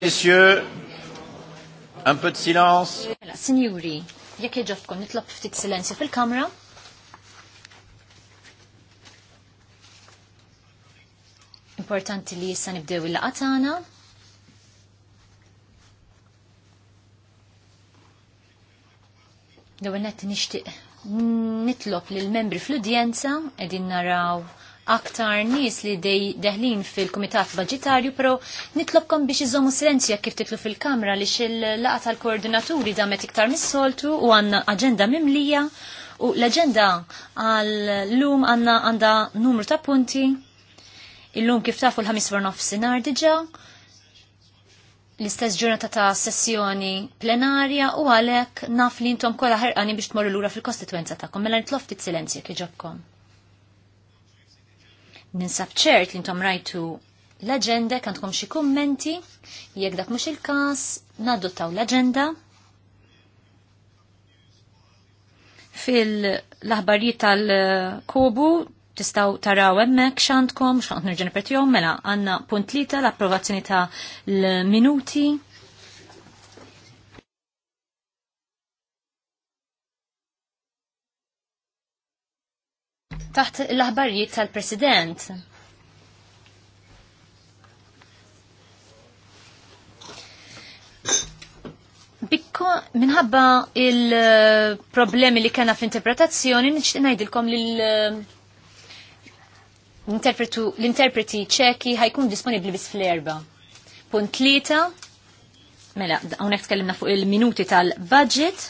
Messieurs, un peu de silence. Mela, signori, jekk iġobkom nitlob ftit silenzju fil-kamra. Importanti li jissa nibdew il tagħna. Dewennet nixtieq nitlob lill membri fl-udjenza qegħdin naraw aktar nies li dej deħlin fil-Kumitat Budgetarju, pero nitlobkom biex iżomu silenzja kif titlu fil-Kamra li xil-laqa tal-koordinaturi damet iktar mis-soltu u għanna agenda mimlija u l-agenda għal-lum għanna għanda numru ta' punti. Il-lum kif tafu l-ħamis varnof sinar diġa l-istess ġurnata ta' sessjoni plenarja u għalek naf li intom kolla ħerqani biex tmorru l-ura fil-kostituenza ta' kom, mela tit silenzja kieġobkom. Ninsab ċert li intom rajtu l-agenda, kantkom xi kummenti, jekk dak mhux il-każ, nadottaw l-agenda. Fil-aħbarijiet tal-kobu tistaw taraw hemmhekk x'għandkom, x'għand nerġa' mela għandna punt lita l-approvazzjoni ta' l-minuti taħt l-aħbarijiet tal-President. Bikko, minħabba il-problemi li kena f'interpretazzjoni, nixtieq ngħidilkom li l-interpreti ċeki ħajkun disponibbli bis fl-erba. Punt tlieta, mela, hawnhekk tkellimna fuq il-minuti tal-budget,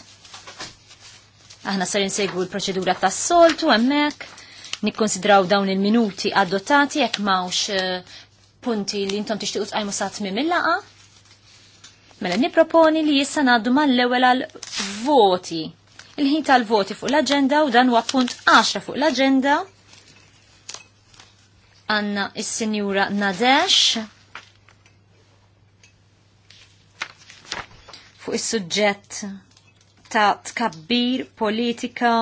aħna sarin segwu l-proċedura tas-soltu hemmhekk nikkonsidraw dawn il-minuti adottati jekk mawx eh, punti li intom tixtiqu tqajmu sa tmiem il-laqa. Mela niproponi li jissa ngħaddu mal-ewwel għal-voti. Il-ħin tal-voti fuq l-aġenda u dan huwa punt 10 fuq l-aġenda. Għanna is-Sinjura Nadesh. Fuq is-suġġett ta' tkabbir politika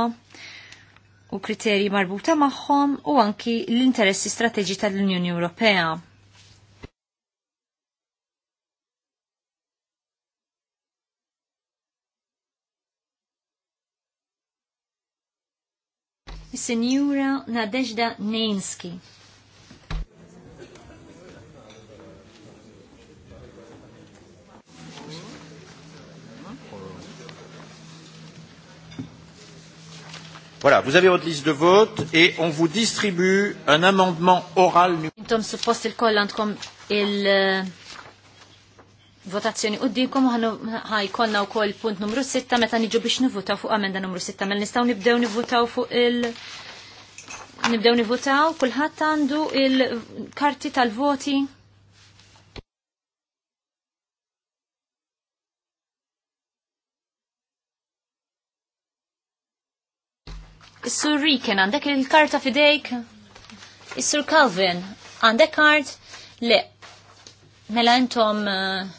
u kriterji marbuta magħhom u anki l-interessi strateġi tal-Unjoni Ewropea. is Nadezhda Nenski. Voilà, vous avez votre liste de vote et on vous distribue un amendement oral. Intom suppost il-koll għandkom il-votazzjoni eh, u dinkom ħajkonna u koll punt numru 6 meta niġu biex nivutaw fuq amenda numru 6 mel nistaw nibdew nivutaw fuq il- Nibdew nivutaw, kulħadd għandu il-karti tal-voti. Is-sur Riken, għandek il-karta fidejk? Is-sur Calvin, għandek kart? Le. Mela intom eh,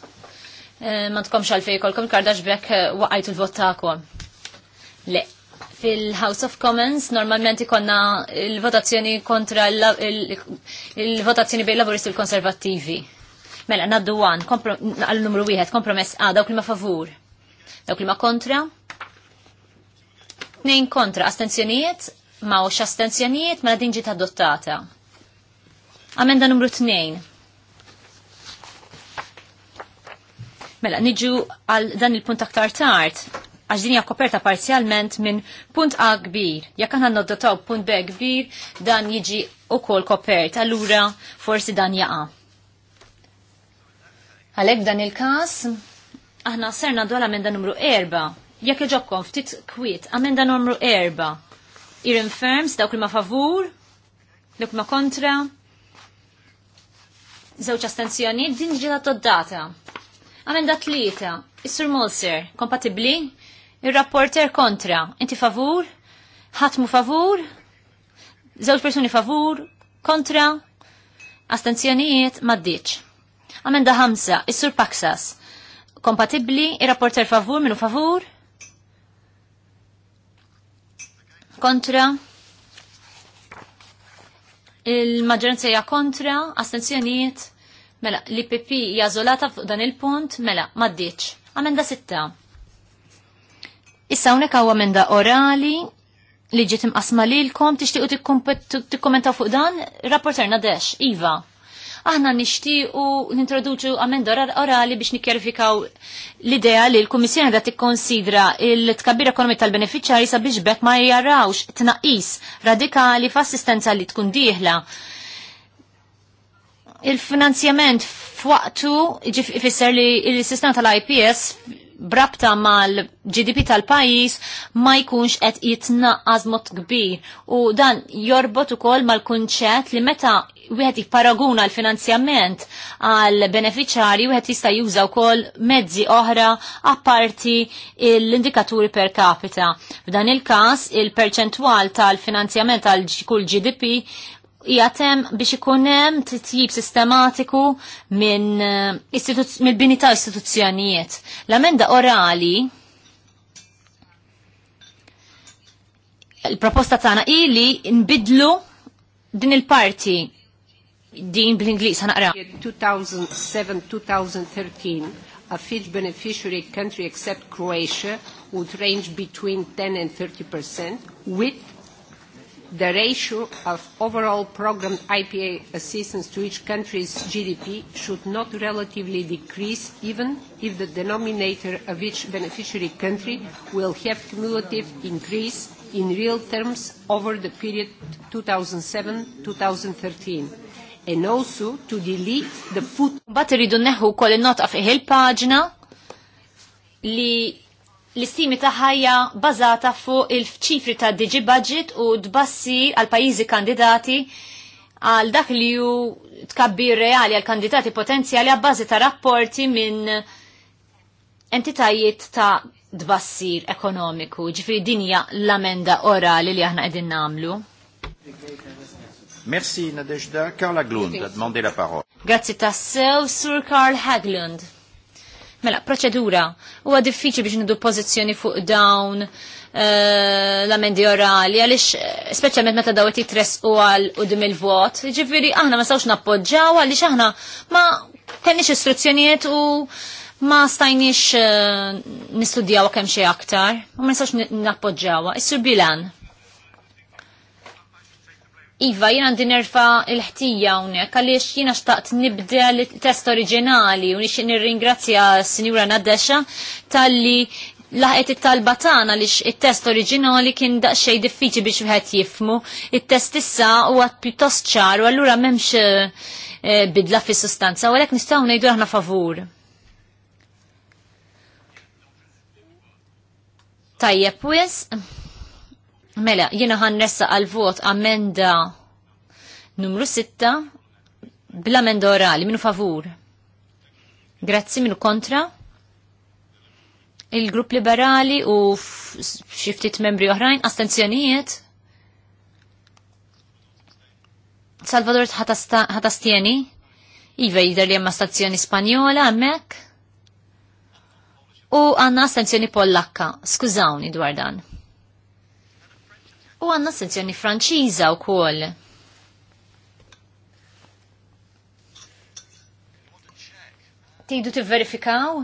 eh, ma tkomx għalfej kolkom kardax bekk eh, waqajtu l votakom Le. Fil-House of Commons normalment ikonna il-votazzjoni kontra il-votazzjoni bejn laburisti l konservattivi. Mela, naddu għan, għal-numru wieħed, kompromess għada, dawk li ma favur, dawk li ma kontra, Tnejn kontra, astenzjonijiet, ma' ox astenzjonijiet, ma' mela din ġiet adottata. Amenda numru tnejn. Mela, niġu għal dan il-punt aktar tard, għax din hija koperta parzjalment minn punt A kbir. Jekk aħna noddotaw punt B kbir, dan jiġi ukoll kopert, allura forsi dan jaqa'. Għalhekk dan il-każ, aħna serna dola minn amenda numru erba' Jekk iġokkom ftit kwiet, amenda numru erba. Irin firms, dawk li ma favur, dawk ma kontra, zewċ astenzjoni, din ġiet adottata. Amenda tlieta, is-sur Molser, kompatibli, ir-rapporter kontra, inti favur, ħatmu favur, zewċ persuni favur, kontra, astenzjonijiet maddiċ. Amenda ħamsa, is-sur Paksas, kompatibli, ir-rapporter favur, minu favur, kontra il-maġġoranza hija kontra astenzjonijiet mela li PP hija żolata fuq dan il-punt mela m'għaddiċ. Amenda sitta. Issa hawnhekk hawn amenda orali li ġiet imqasma lilkom tixtiequ tikkommentaw fuq dan, rapporterna dex, Iva aħna nixtiequ nintroduċu amenda orali biex nikkjarifikaw l-idea li l-Kummissjoni da tikkonsidra il-tkabbir ekonomi tal-beneficjari sabiex bekk ma jarawx tnaqis radikali f'assistenza li tkun dieħla il-finanzjament f'waqtu ifisser li il-sistema tal-IPS brabta mal-GDP tal-pajis ma jkunx qed jitnaqqas mod kbir u dan jorbot ukoll mal-kunċett li meta wieħed jipparaguna l-finanzjament għal beneficjari wieħed jista' juża wkoll mezzi oħra apparti l-indikaturi per capita. F'dan il-każ il-perċentwal tal-finanzjament għal kull GDP jgħatem biex ikunem titjib sistematiku minn eh, min bini ta' istituzzjonijiet. L-amenda orali il-proposta tana ili nbidlu din il-parti din bl-Ingliż ħanaqra. 2007-2013 a fish beneficiary country except Croatia would range between 10 and 30% with the ratio of overall programmed IPA assistance to each country's GDP should not relatively decrease even if the denominator of each beneficiary country will have cumulative increase in real terms over the period 2007-2013 and also to delete the foot. Bat paġna li l-istimi taħħajja bazata fuq il-ċifri ta' Digi Budget u d-bassi għal pajjiżi kandidati għal dak li ju tkabbir reali għal kandidati potenzjali għal ta' rapporti minn entitajiet ta' d-bassir ekonomiku, ġifri dinja l-amenda orali li aħna qegħdin namlu. Merci Nadejda. Karl Haglund a demandé la parola. Grazie tassew, Sur Karl Haglund. Mela, proċedura. Huwa diffiċli biex nidu pożizzjoni fuq dawn eh, l-amendi orali, għalix eh, specialment meta daw jitres u għal u dim il-vot, ġifiri aħna ma sawx nappoġġaw għalix aħna ma kenniex istruzzjonijiet u ma stajniex eh, nistudjaw kemm xi aktar, u ma nistgħux nappoġġawha. is Bilan. Iva, jina għandi nerfa il-ħtija unek, għaliex jina xtaqt nibda l-test oriġinali u nixin nir-ringrazzja s-Sinjura Nadesha tal-li laħqet it-talba tagħna li it-test oriġinali kien daqsxejn diffiċli biex wieħed jifmu. il test issa huwa pjuttost ċar u allura m'hemmx eh, bidla fis-sustanza, u għalhekk nistgħu ngħidu aħna favur. Tajjeb wis. Mela, jiena ħannessa għal-vot amenda numru 6 bl-amenda orali, minu favur. Grazzi, minu kontra. Il-grupp liberali u xiftit membri oħrajn, astenzjonijiet. Salvador ħatastieni, iva jider li jemma stazzjoni spanjola, għemmek. U għanna astenzjoni pollakka, skużawni dwar dan u għanna sezzjoni franċiża wkoll. Tidu tivverifikaw?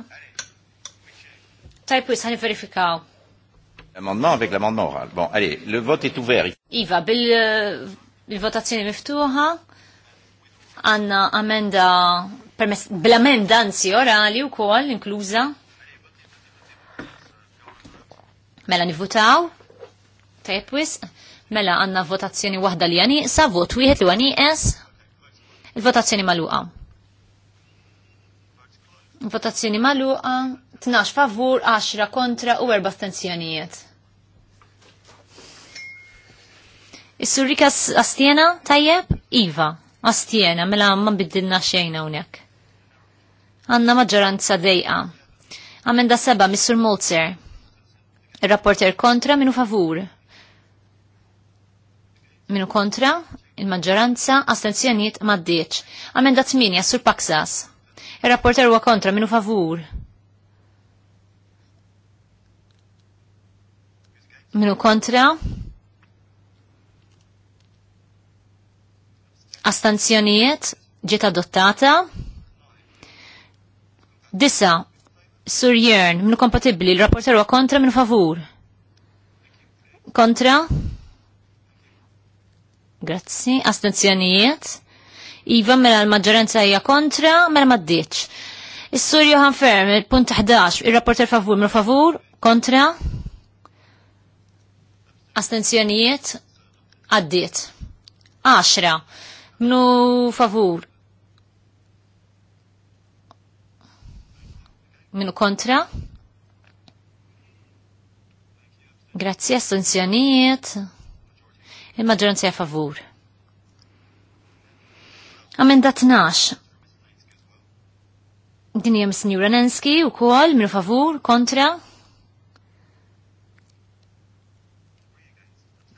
Tajpu jisħan verifikaw. bieg l l'amendement oral. Bon, għalli, l-vot est veri. Iva, bil-votazzjoni eh, miftuħa, għanna amenda, bil bl-amenda anzi orali u kol, inkluza. Mela nivutaw. Tajb wisq, mela għanna votazzjoni wahda li għani, sa vot wieħed li għani es, il-votazzjoni maluqa. Votazzjoni maluqa, 12 favur, 10 kontra u 4 astenzjonijiet. Is-surrika astjena tajjeb? Iva, astjena, mela ma biddilna xejna unek. Għanna maġġoranza dejqa. Amenda seba, Mr. Molzer. Il-rapporter kontra minu favur. Minu kontra, il-maġġoranza, astenzjoniet maddieċ. Amenda 8, Sur Paksas. Il-rapporter huwa kontra, minu favur. Minu kontra, astanzjonijiet ġiet adottata. Disa, sur jern, minu kompatibli, l-rapporter huwa kontra, minu favur. Kontra, Grazzi. Astenzjonijiet? Iva mela l-maġġoranza hija kontra, mela ma ddiċ. Is-sur Johan Ferm, il-punt 11, il-rapporter favur, mela favur, kontra, astenzjonijiet, għaddiet. 10, mnu favur, minu kontra, grazzi astenzjonijiet, il-maġġoranza hija favur. Amenda 12. Din hija Ranenski Nenski wkoll minu favur kontra.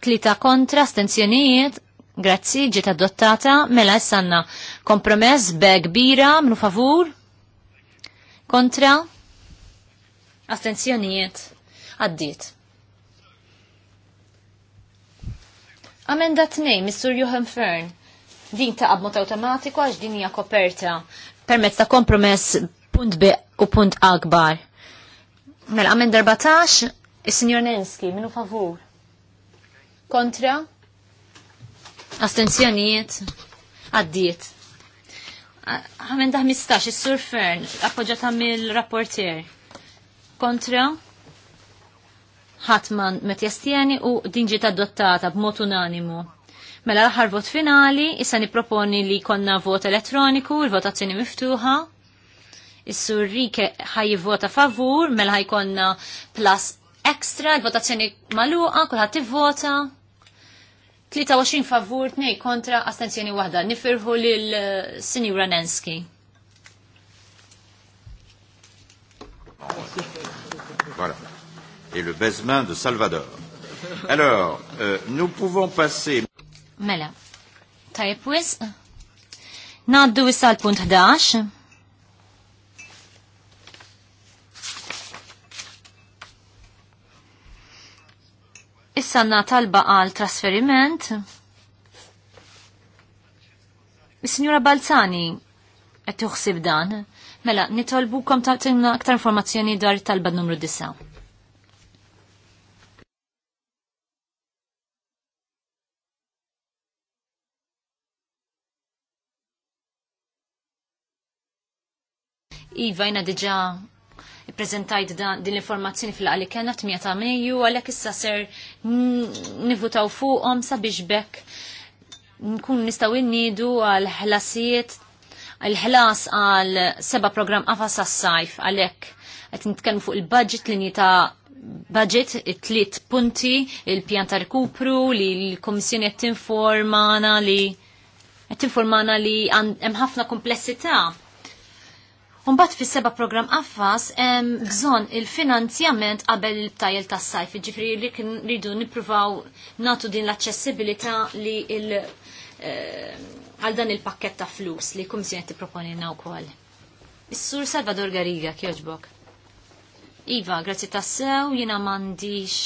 Tlita kontra, stenzjonijiet, grazzi, ġiet adottata, mela jessanna kompromess be kbira minu favur kontra. Astenzjonijiet. għaddit. Amenda t-nej, Mr. Johan Fern. Din ta' mod automatiku għax din hija koperta permezz ta' kompromess punt B u punt akbar. Mela amenda 14, is-Sinjor Nenski, minu favur. Kontra? Astenzjonijiet? Għaddiet. Amenda 15, is-Sur Fern, appoġġata mill-rapportier. Kontra? ħatman met jastieni u dinġiet adottata b'mod unanimu. Mela l-aħħar vot finali, issa niproponi li konna vot elettroniku, il-votazzjoni miftuħa. Is-sur Rike ħaj vota favur, mela ħajkonna plus ekstra, il-votazzjoni maluqa, kulħadd tivvota. 23 favur, 2 kontra, astenzjoni waħda. Nifirħu lil eh, Sinjura Nenski. Voilà et le baisement de Salvador. Alors, euh, nous pouvons passer... Mela, tajib wis, naddu wissa l-punt 11. Issa na talba għal trasferiment. Signora Balzani, għet tuħsib dan. Mela, nitolbu kom ta' aktar informazzjoni dwar talba numru 9. Iva jina diġa prezentajt din l-informazzjoni fil-għalli kena t ta' Mejju, għalek issa ser nivutaw fuqom sabiex bekk nkun nistaw nidu għal ħlasijiet għal ħlas għal seba program għafa sa' sajf għalek għet nitkellmu fuq il-budget linji ta' budget it-tliet punti il-pjan ta' rikupru li l-Komissjoni qed tinformana li qed tinformana li hemm ħafna komplessità Umbat fis seba program affas, bżon il-finanzjament qabel il-btajl tas sajf ġifri li kien ridu nipruvaw natu din l-accessibilita li il- eh, għal dan il-pakket ta' flus li kumżjoni t-proponina u kol. Is-sur Salvador Gariga, kjoġbok. Iva, grazzi tassew, jina mandiċ.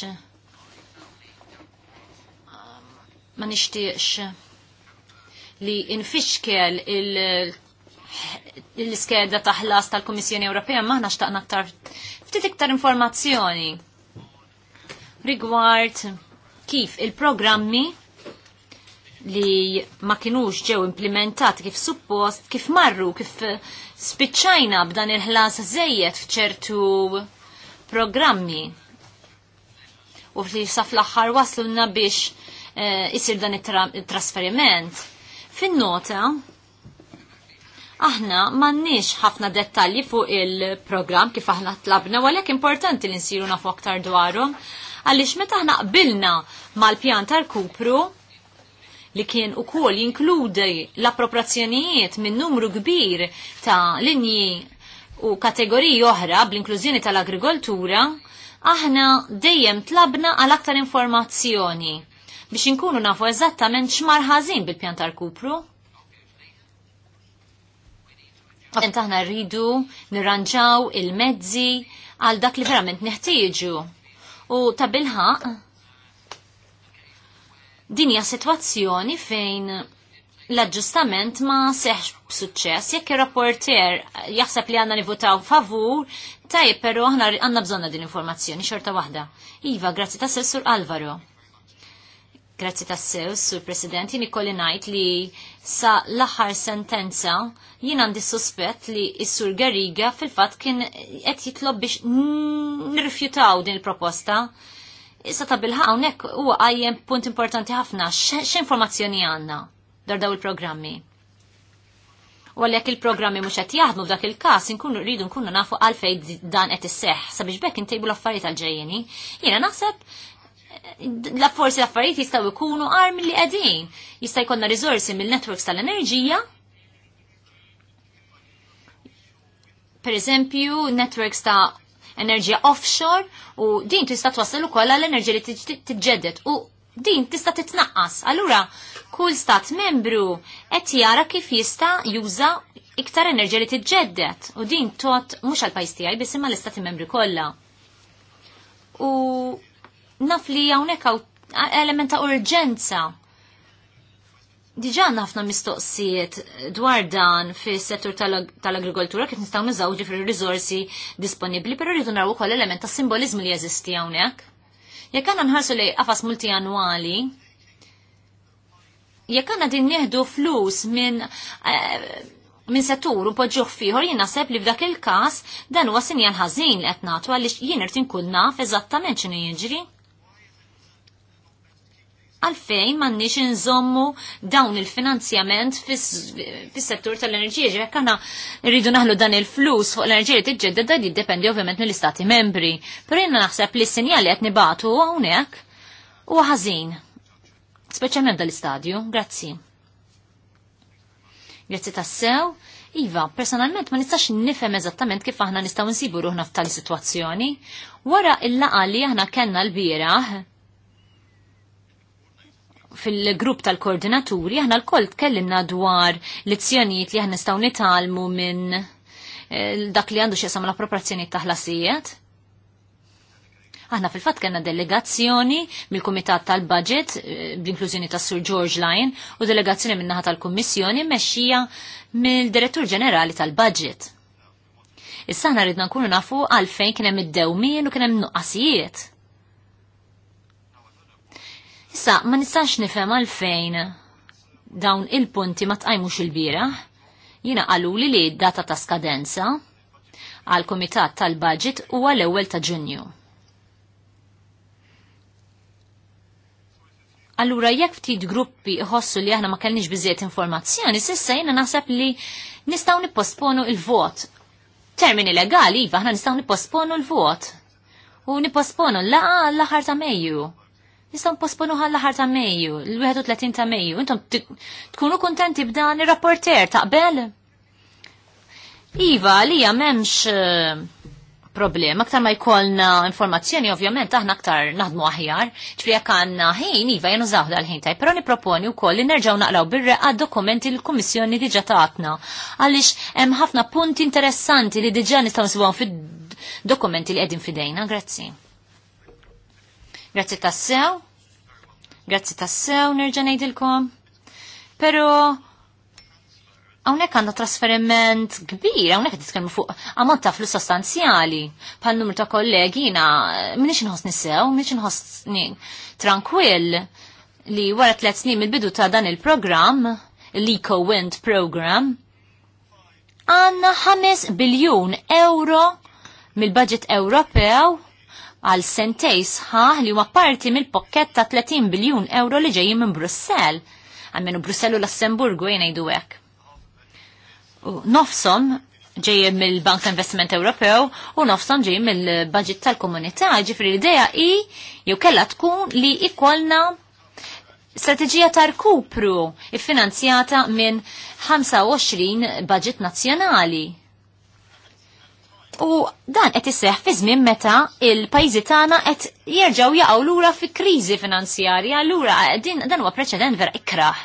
Ma nishtiqx li infiċkel il l-iskeda ta' ħlas tal-Komissjoni Ewropea maħna xtaqna aktar ftit iktar informazzjoni rigward kif il-programmi li ma kinux ġew implementati kif suppost, kif marru, kif spiċċajna b'dan il-ħlas żejjed f'ċertu programmi. U li saf l-aħħar waslunna biex eh, isir dan it-trasferiment. Fin-nota, Aħna m'għandniex ħafna dettalji fuq il-programm kif aħna tlabna, għalhekk importanti li nsiru nafu aktar dwarhom għaliex meta aħna qbilna mal-pjan tal-kupru li kien ukoll jinkludi l-appropriazzjonijiet minn numru kbir ta' linji u kategoriji oħra bl-inklużjoni tal-agrikoltura, aħna dejjem tlabna għal aktar informazzjoni biex inkunu nafu eżattament x'mar ħażin bil-pjan tal-kupru. Għent aħna rridu nirranġaw il-mezzi għal dak li verament neħtieġu. U ta' bilħaq dinja situazzjoni fejn l-aġġustament ma seħx b'suċċess jekk ir-rapporter jaħseb li għandna nivutaw favur tajjeb però aħna għandna bżonna din informazzjoni xorta waħda. Iva, grazzi ta' Sessur Alvaro. Grazzi tassew, sur President, jini kolli najt li sa l-axar sentenza jien għandi suspett li s-sur Gariga fil-fat kien qed jitlob biex nirrifjutaw din il-proposta. Issa ta' bil-ħawnek u għajjem punt importanti ħafna, x'informazzjoni għanna dar daw il-programmi. U għalhekk il-programmi mhux qed jaħdmu f'dak il-każ inkunu rridu nkunu nafu għalfej dan qed isseħħ sabiex bekk intejbu l-affarijiet għal ġejjeni. Jiena naħseb la forsi l-affarijiet jistgħu jkunu arm li qegħdin. Jista' jkollna rizorsi mill-networks tal-enerġija. Per eżempju, networks ta' enerġija offshore u din tista' twassal ukoll għall enerġija li tiġġedded u din tista' titnaqqas. Allura kull stat membru qed jara kif jista' juża iktar enerġija li tiġġedded u din tot mhux għall pajjiż tiegħi biss imma l-istati membri kollha. U naf li hawnhekk hawn element ta' urġenza. Diġa nafna mistoqsijiet dwar dan fis settur tal-agrikoltura kif nistgħu nużaw ġifri rizorsi disponibbli, però rridu naraw ukoll element ta' simbolizmu li jeżisti hawnhekk. Jekk għandna nħarsu li qafas multianwali, jekk għandna din nieħdu flus minn eh, min settur u poġġuħ fiħor jien naħseb li f'dak il-każ dan huwa sinjan ħażin qed nagħtu għaliex jien irtin kun naf eżattament x'inhu jiġri għalfejn m'għandniex inżommu dawn il-finanzjament fis-settur tal-enerġija ġek għana rridu naħlu dan il-flus fuq l-enerġija li tiġġedda da jiddependi ovvjament mill-istati membri. per jenna naħseb li s-sinjali qed nibatu hawnhekk huwa ħażin. Speċjalment dal-istadju, grazzi. Grazzi tassew. Iva, personalment ma nistax nifhem eżattament kif aħna nistgħu nsibu ruħna f'tali sitwazzjoni. Wara il-laqa li aħna kellna l-bieraħ, fil-grupp tal-koordinaturi aħna l-koll tkellimna dwar lezzjonijiet li aħna nistgħu nitalmu minn eh, dak li għandu x'jasam l-appropriazzjonijiet taħlasijiet. Aħna fil-fatt kellna delegazzjoni mill-Kumitat tal-Budget eh, bl-inklużjoni ta' Sur George Lyon u delegazzjoni min-naħa tal-Kummissjoni mexxija mill-Direttur Ġenerali tal-Budget. Issa aħna ridna nkunu nafu għalfejn kien hemm id-dewmien u kien hemm nuqqasijiet Issa, ma nistax nifhem għalfejn dawn il-punti ma tqajmux il-bira. Jina qalu li li data ta' skadenza għal komitat tal-budget u għal ewwel ta' ġunju. Allura jekk ftit gruppi ħossu li aħna ma kellniex biżiet informazzjoni, sissa jiena naħseb li nistgħu nipposponu il-vot. Termini legali, iva aħna nistgħu nipposponu l-vot. U nipposponu l-laqa l-aħħar ta' Mejju nistan posponu għal ħar ta' Mejju, l-31 ta' Mejju. Intom tkunu kontenti b'dan ir-rapporter taqbel? Iva, li memx eh, problema, aktar ma jkollna informazzjoni, ovvjament, aħna aktar naħdmu aħjar, ċfri jek għanna ħin, iva, jenu zaħda għal ħin taj, pero niproponi u koll li nerġaw naqlaw birre għad dokumenti l-Kommissjoni diġa taħtna, għalix hemm ħafna punti interessanti li diġa nistaw nsibuħan fid dokumenti li għedin fidejna, grazzi. Grazzi tassew, grazzi tassew nerġa' ngħidilkom. Però hawnhekk għandu trasferiment kbir, hawnhekk qed nitkellmu fuq ammont ta' flus sostanzjali bħal numru ta' kollegi jiena m'iniex inħossni sew, m'iniex inħossni tranquill li wara tliet snin mill-bidu ta' dan il-programm, l-Eco Wind Program, għanna 5 biljun euro mill-budget Ewropew għal sentej sħaħ li huma parti mill-pokket ta' 30 biljun euro li ġejjin minn Brussell. għamminu Brussell u Lussemburgu jgħidu hekk. Nofsom ġejjin mill-Bank Investment Ewropew u nofsom ġejjin mill-budget tal-komunità, ġifri l-idea i jew kella tkun li ikolna strategija ta' rkupru iffinanzjata minn 25 budget nazzjonali U dan qed isseħ fi żmien meta il-pajjiżi tagħna qed jerġgħu jaqgħu lura fi kriżi finanzjarja, lura din dan huwa preċedent vera ikrah.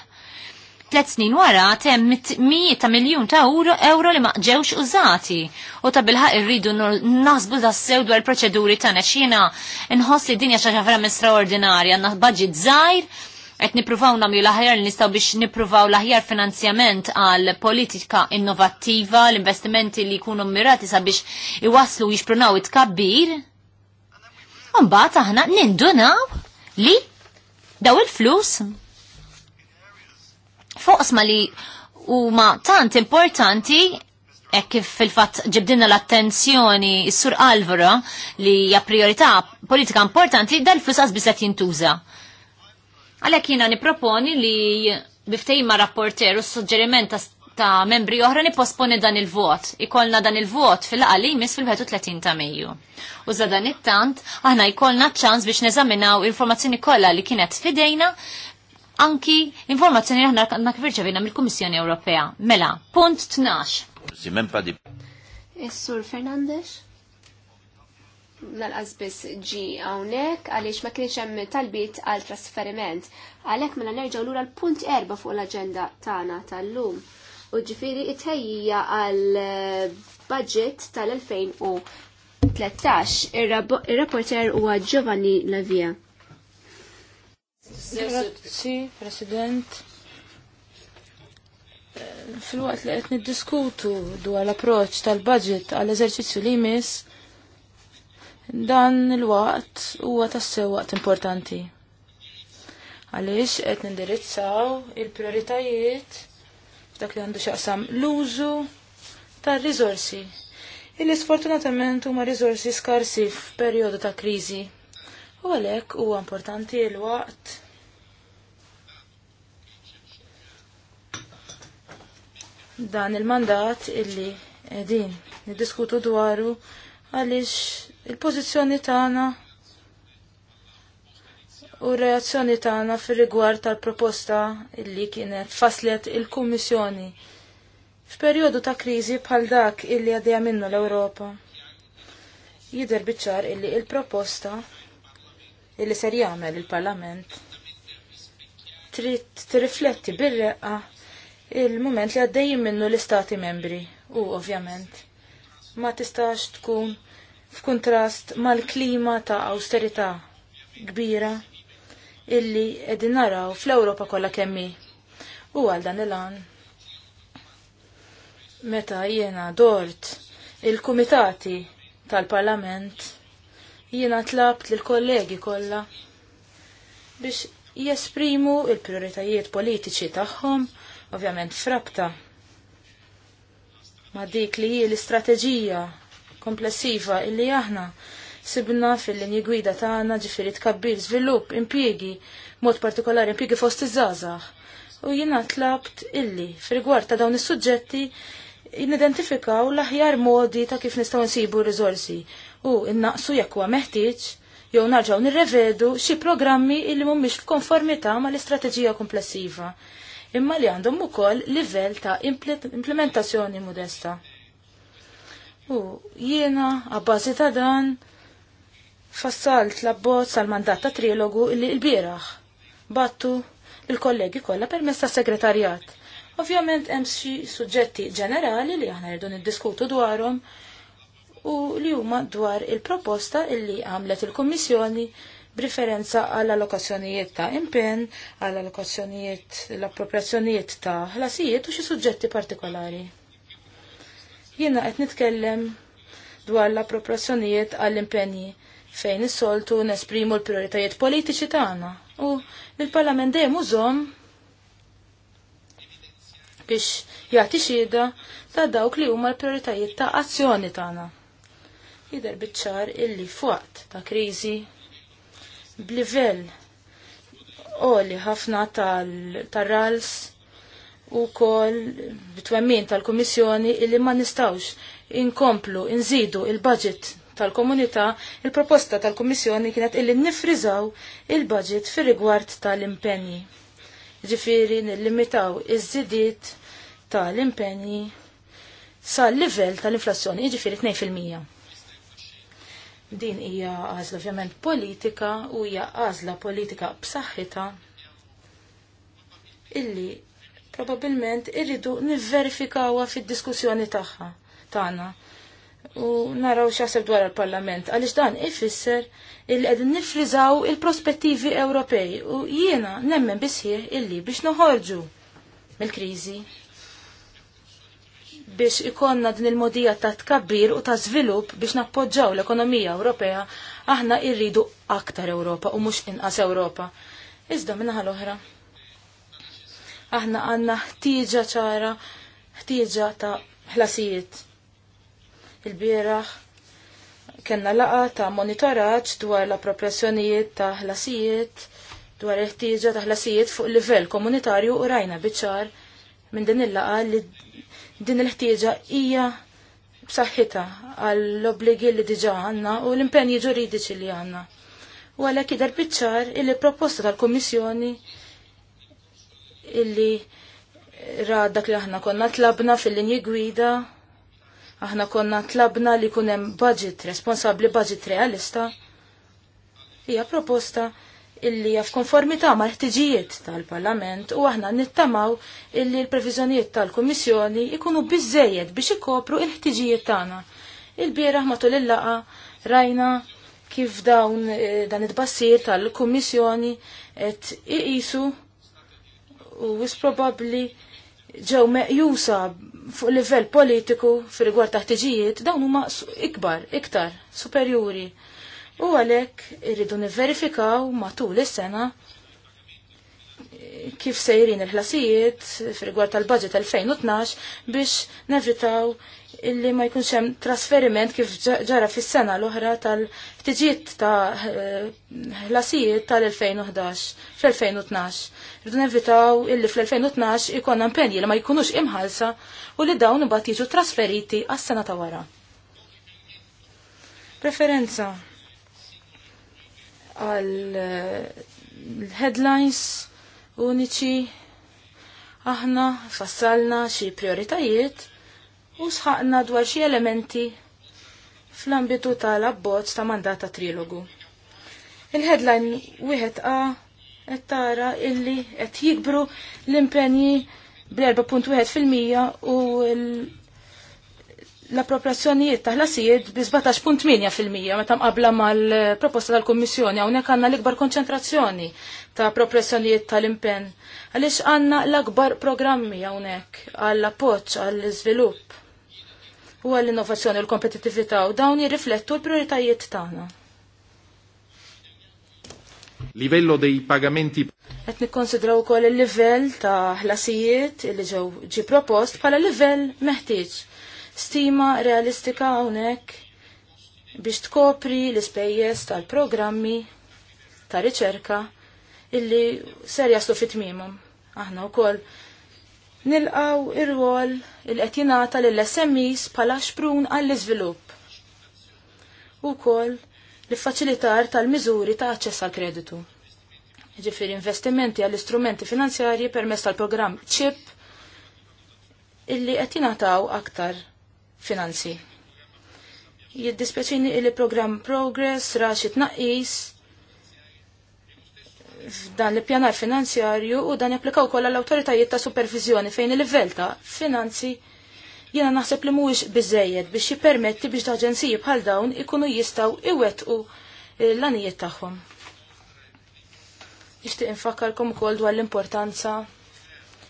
Tlet snin wara hemm mijiet ta' miljun ta' euro, euro li ma ġewx użati u ta' bilħaq irridu nasbu da' sew dwar il-proċeduri ta' neċina. inħoss li dinja xi ħaġa straordinarja, budget żgħir qed nippruvaw nagħmlu l-aħjar biex nippruvaw l-aħjar finanzjament għal politika innovattiva, l-investimenti li jkunu mirati sabiex iwaslu jixprunaw it-kabbir. Unbata aħna nindunaw li daw il-flus fuqsma li huma tant importanti hekk kif fil-fatt ġibdinna l-attenzjoni s-sur Alvaro li hija priorità politika importanti dal flus qasbis qed jintuża. Għalhekk jiena nipproponi li biftejma rapporter u suġġeriment ta' membri oħra niposponi dan il-vot. Ikolna dan il-vot fil għali mis fil-31 ta' Mejju. U dan it-tant, aħna jkollna ċans biex neżaminaw informazzjoni kollha li kienet fidejna anki informazzjoni aħna nakvirġa bina mill-Kummissjoni Ewropea. Mela, punt 12. Is-Sur Fernandez? Nalqas biss ġi hawnhekk għaliex ma kienx hemm talbiet għal trasferiment. Għalhekk mela nerġgħu lura l-punt erba' fuq l-aġenda tagħna tal-lum. U ġifieri itħejjija għal eh, budget tal-2013. Ir-rapporter huwa Giovanni Lavia. Grazzi, President. Eh, fil-waqt li qed niddiskutu dwar l-approċċ tal-budget għall eżerċizzju li jmiss, Dan il-waqt huwa tassew waqt importanti. Għaliex qed nindirizzaw il-prioritajiet dak li għandu xaqsam l-użu tar rizorsi Illi sfortunatament huma rizorsi skarsi f'perjodu ta' kriżi. U għalhekk huwa importanti l-waqt dan il-mandat illi edin niddiskutu dwaru għaliex Il-pożizzjoni tagħna u reazzjoni tagħna fir-rigward tal-proposta illi kienet faslet il-Kummissjoni f'perjodu ta' kriżi bħal dak illi għaddejja minnu l-Ewropa. Jidher biċċar illi il-proposta illi ser jagħmel il-Parlament trid tirrifletti bir-reqqa il-moment li għaddejjin minnu l-Istati membri u ovvjament ma tistax tkun f'kuntrast mal-klima ta' austerità kbira illi qegħdin naraw fl-Ewropa kollha kemmi. U għal dan il-għan meta jiena dort il-kumitati tal-Parlament jiena tlabt lil kollegi kollha biex jesprimu il-prioritajiet politiċi tagħhom, ovvjament frabta ma dik li hi l-istrateġija komplessiva illi aħna sibna fil-linji gwida tagħna ġifieri tkabbir zvilup impjiegi mod partikolari impjiegi fost iż żazax U jina tlabt illi f'rigward ta' dawn is-suġġetti nidentifikaw l-aħjar modi ta' kif nistgħu nsibu r u innaqsu jekk huwa meħtieġ jew narġaw nirrevedu xi programmi illi mhumiex f'konformità mal-istrateġija komplessiva imma li għandhom ukoll livell ta' implementazzjoni modesta. U jiena, għabbażi ta' dan, fassalt l-abbozz għal mandat ta' trilogu li l-bieraħ. Battu il-kollegi kollha permess ta' segretarjat. Ovvjament hemm xi suġġetti ġenerali li aħna rridu niddiskutu dwarhom u li huma dwar il-proposta illi għamlet il-Kummissjoni b'riferenza għall allokazzjonijiet ta' impenn, għall allokazzjonijiet l-appropriazzjonijiet ta' ħlasijiet u xi suġġetti partikolari. Jiena qed nitkellem dwar l-appropriazzjonijiet għall-impenji fejn is-soltu nesprimu l-prioritajiet politiċi tagħna u l-Parlament dejjem użhom biex jagħti xhieda ta' dawk li huma l-prioritajiet ta' azzjoni tagħna. Jidher biċ-ċar illi fuqt ta' kriżi b'livell oli ħafna tal-rals u kol bitwemmin tal-Komissjoni illi ma nistawx inkomplu, inżidu il-budget tal-komunità, il-proposta tal-Komissjoni kienet illi nifrizaw il-budget fir rigward tal-impenji. Ġifiri nillimitaw iż-żidiet tal-impenji sal-livell tal-inflazzjoni, ġifiri 2%. Din hija għażla ovvjament politika u hija għażla politika b'saħħitha illi probabilment irridu nivverifikawha fid-diskussjoni tagħha tagħna u naraw x'jaħseb dwar il-Parlament għaliex dan ifisser il qegħdin nifriżaw il-prospettivi Ewropej u jiena nemmen bisħieħ illi biex noħorġu mill-kriżi biex ikonna din il-modija ta' tkabbir u ta' żvilupp biex nappoġġaw l-ekonomija Ewropea aħna irridu aktar Ewropa u mhux inqas Ewropa. Iżda minnaħa l-oħra aħna għanna ħtieġa ċara, ħtieġa ta' ħlasijiet. Il-bieraħ kena laqa ta' monitoraġġ dwar l propressjonijiet ta' ħlasijiet, dwar il-ħtieġa ta' ħlasijiet fuq livell komunitarju u rajna biċar minn din il-laqa li din il-ħtieġa hija b'saħħitha għall-obligi li diġa għanna u l-impenji ġuridiċi li għanna. U għalhekk idher biċ-ċar il-proposta tal-Kummissjoni illi ra dak li aħna konna tlabna fil-linji gwida, aħna konna tlabna li kunem budget, responsabli budget realista, hija proposta illi hija f'konformità mal ħtiġijiet tal-Parlament u aħna nittamaw illi l-previżjonijiet tal-Kummissjoni ikunu bizzejed biex ikopru l-ħtiġijiet tagħna. Il-bieraħ matul il-laqa rajna kif dawn eh, dan it-bassir tal-Kummissjoni qed iqisu u wis probabbli ġew meqjusa fuq livell politiku fir rigward taħtiġijiet dawn huma ikbar, iktar, superjuri. U għalhekk irridu nivverifikaw matul is-sena eh, kif sejrin il-ħlasijiet fir rigward tal-budget 2012 biex nevitaw illi ma jkunx hemm trasferiment kif ġara fis-sena l-oħra tal-ftiġiet ta' eh, ħlasijiet tal-2011 fl-2012. Rridu nevitaw illi fl-2012 ikon impenji li ma jkunux imħalsa u li dawn imbagħad jiġu trasferiti għas-sena ta' wara. Preferenza għal eh, headlines uniċi aħna fassalna xi prioritajiet u sħaqna dwar xi elementi fl-ambitu tal-abbozz ta' mandata trilogu. Il-headline wieħed A qed tara illi qed jikbru l-impenji bl-4.1 fil-mija u l-appropriazzjonijiet ta' ħlasijiet bi 17.8 fil-mija meta mqabla mal-proposta tal-Kummissjoni hawnhekk għandna l-ikbar konċentrazzjoni ta' appropriazzjonijiet tal-impenn għaliex għandna l-akbar programmi hawnhekk għall-appoġġ għall-iżvilupp u għall-innovazzjoni u l-kompetitività u dawn jirriflettu l-prioritajiet tagħna. Livello dei pagamenti Qed nikkonsidraw ukoll il-livell ta' ħlasijiet li ġew ġi propost bħala livell meħtieġ. Stima realistika hawnhekk biex tkopri l-ispejjeż tal-programmi ta' riċerka illi ser jaslu fit-tmiemhom. Aħna wkoll nilqaw ir-rwol il-qed lill-SMEs bħala xprun għall-iżvilupp. Ukoll l facilitar tal-miżuri ta' aċċess għal kreditu. Ġifir investimenti għall-istrumenti finanzjarji permezz tal-programm ċip illi qed jingħataw aktar finanzi. Jiddispjaċini il-programm Progress raxi tnaqqis f'dan l-pjanar finanzjarju u dan japplikaw kolla l-awtoritajiet ta' supervizjoni fejn il level ta' finanzi jiena naħseb li mhuwiex biżejjed biex jippermetti biex aġenziji bħal dawn ikunu jistgħu iwettqu l-anijiet tagħhom. Nixtieq infakkarkom ukoll dwar l-importanza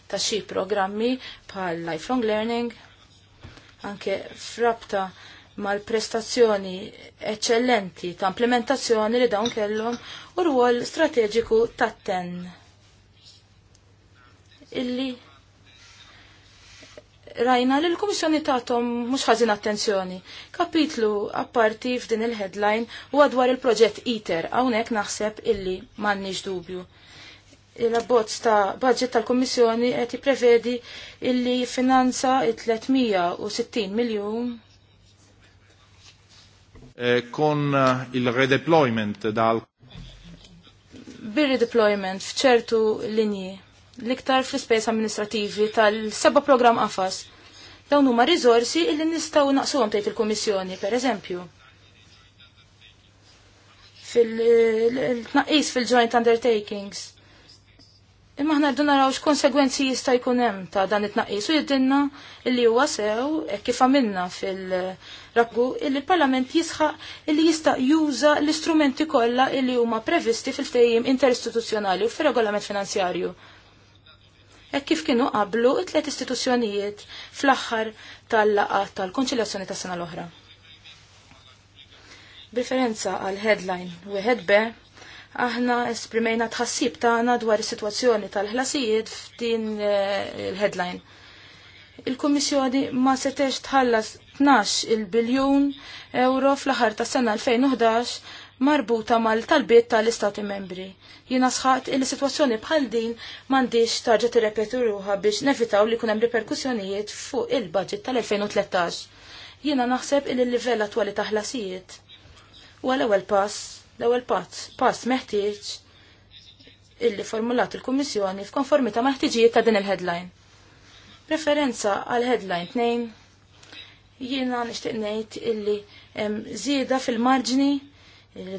ta' xi programmi bħal lifelong learning anke frabta mal-prestazzjoni eccellenti ta' implementazzjoni li dawn kellhom u rwol strateġiku tat-ten. Illi rajna li l-Komissjoni tagħhom mhux ħażin attenzjoni. Kapitlu apparti f'din il-headline huwa dwar il-proġett ITER hawnhekk naħseb illi m'għandniex dubju. Il-abbozz ta' budget tal kummissjoni qed jipprevedi illi finanza 360 miljun eh, con eh, il redeployment dal bir-redeployment fċertu linji l-iktar fl-ispejs amministrativi tal-seba program qafas. Dawn huma riżorsi illi nistgħu naqsuhom tgħid il-Kummissjoni, pereżempju. Fil-tnaqqis fil-joint undertakings Imma ħna rridu naraw x'konsegwenzi jista' jkun hemm ta' dan it-tnaqqis u jiddinna illi huwa sew hekk kif għamilna fil-rabgu illi l-Parlament jisħaq illi jista' juża l-istrumenti kollha illi huma previsti fil-tejjim interistituzzjonali u fir-regolament finanzjarju. Hekk kif kienu qablu t tliet istituzzjonijiet fl-aħħar tal-laqgħa tal-konċiljazzjoni tas-sena l-oħra. Differenza għal headline u headbe Aħna esprimejna tħassib tagħna dwar is-sitwazzjoni tal-ħlasijiet f'din eh, il-headline. Il-Kummissjoni ma setex tħallas 12 il-biljun euro fl-aħħar tas sena 2011 marbuta mal-talbiet tal-Istati membri. Jiena sħat il sitwazzjoni bħal din m'għandix tarġa' tirrepetu ruha biex nevitaw li kunem hemm riperkussjonijiet fuq il-budget tal-2013. Jiena naħseb il-livell attuali ta' ħlasijiet. U għal-ewwel pass L-ewwel pass pass meħtieġ illi formulat il-Kummissjoni f'konformità ma' ħtiġijiet ta' din il-headline. Referenza għal headline tnejn jiena nixtieq ngħid illi hemm żieda fil-marġni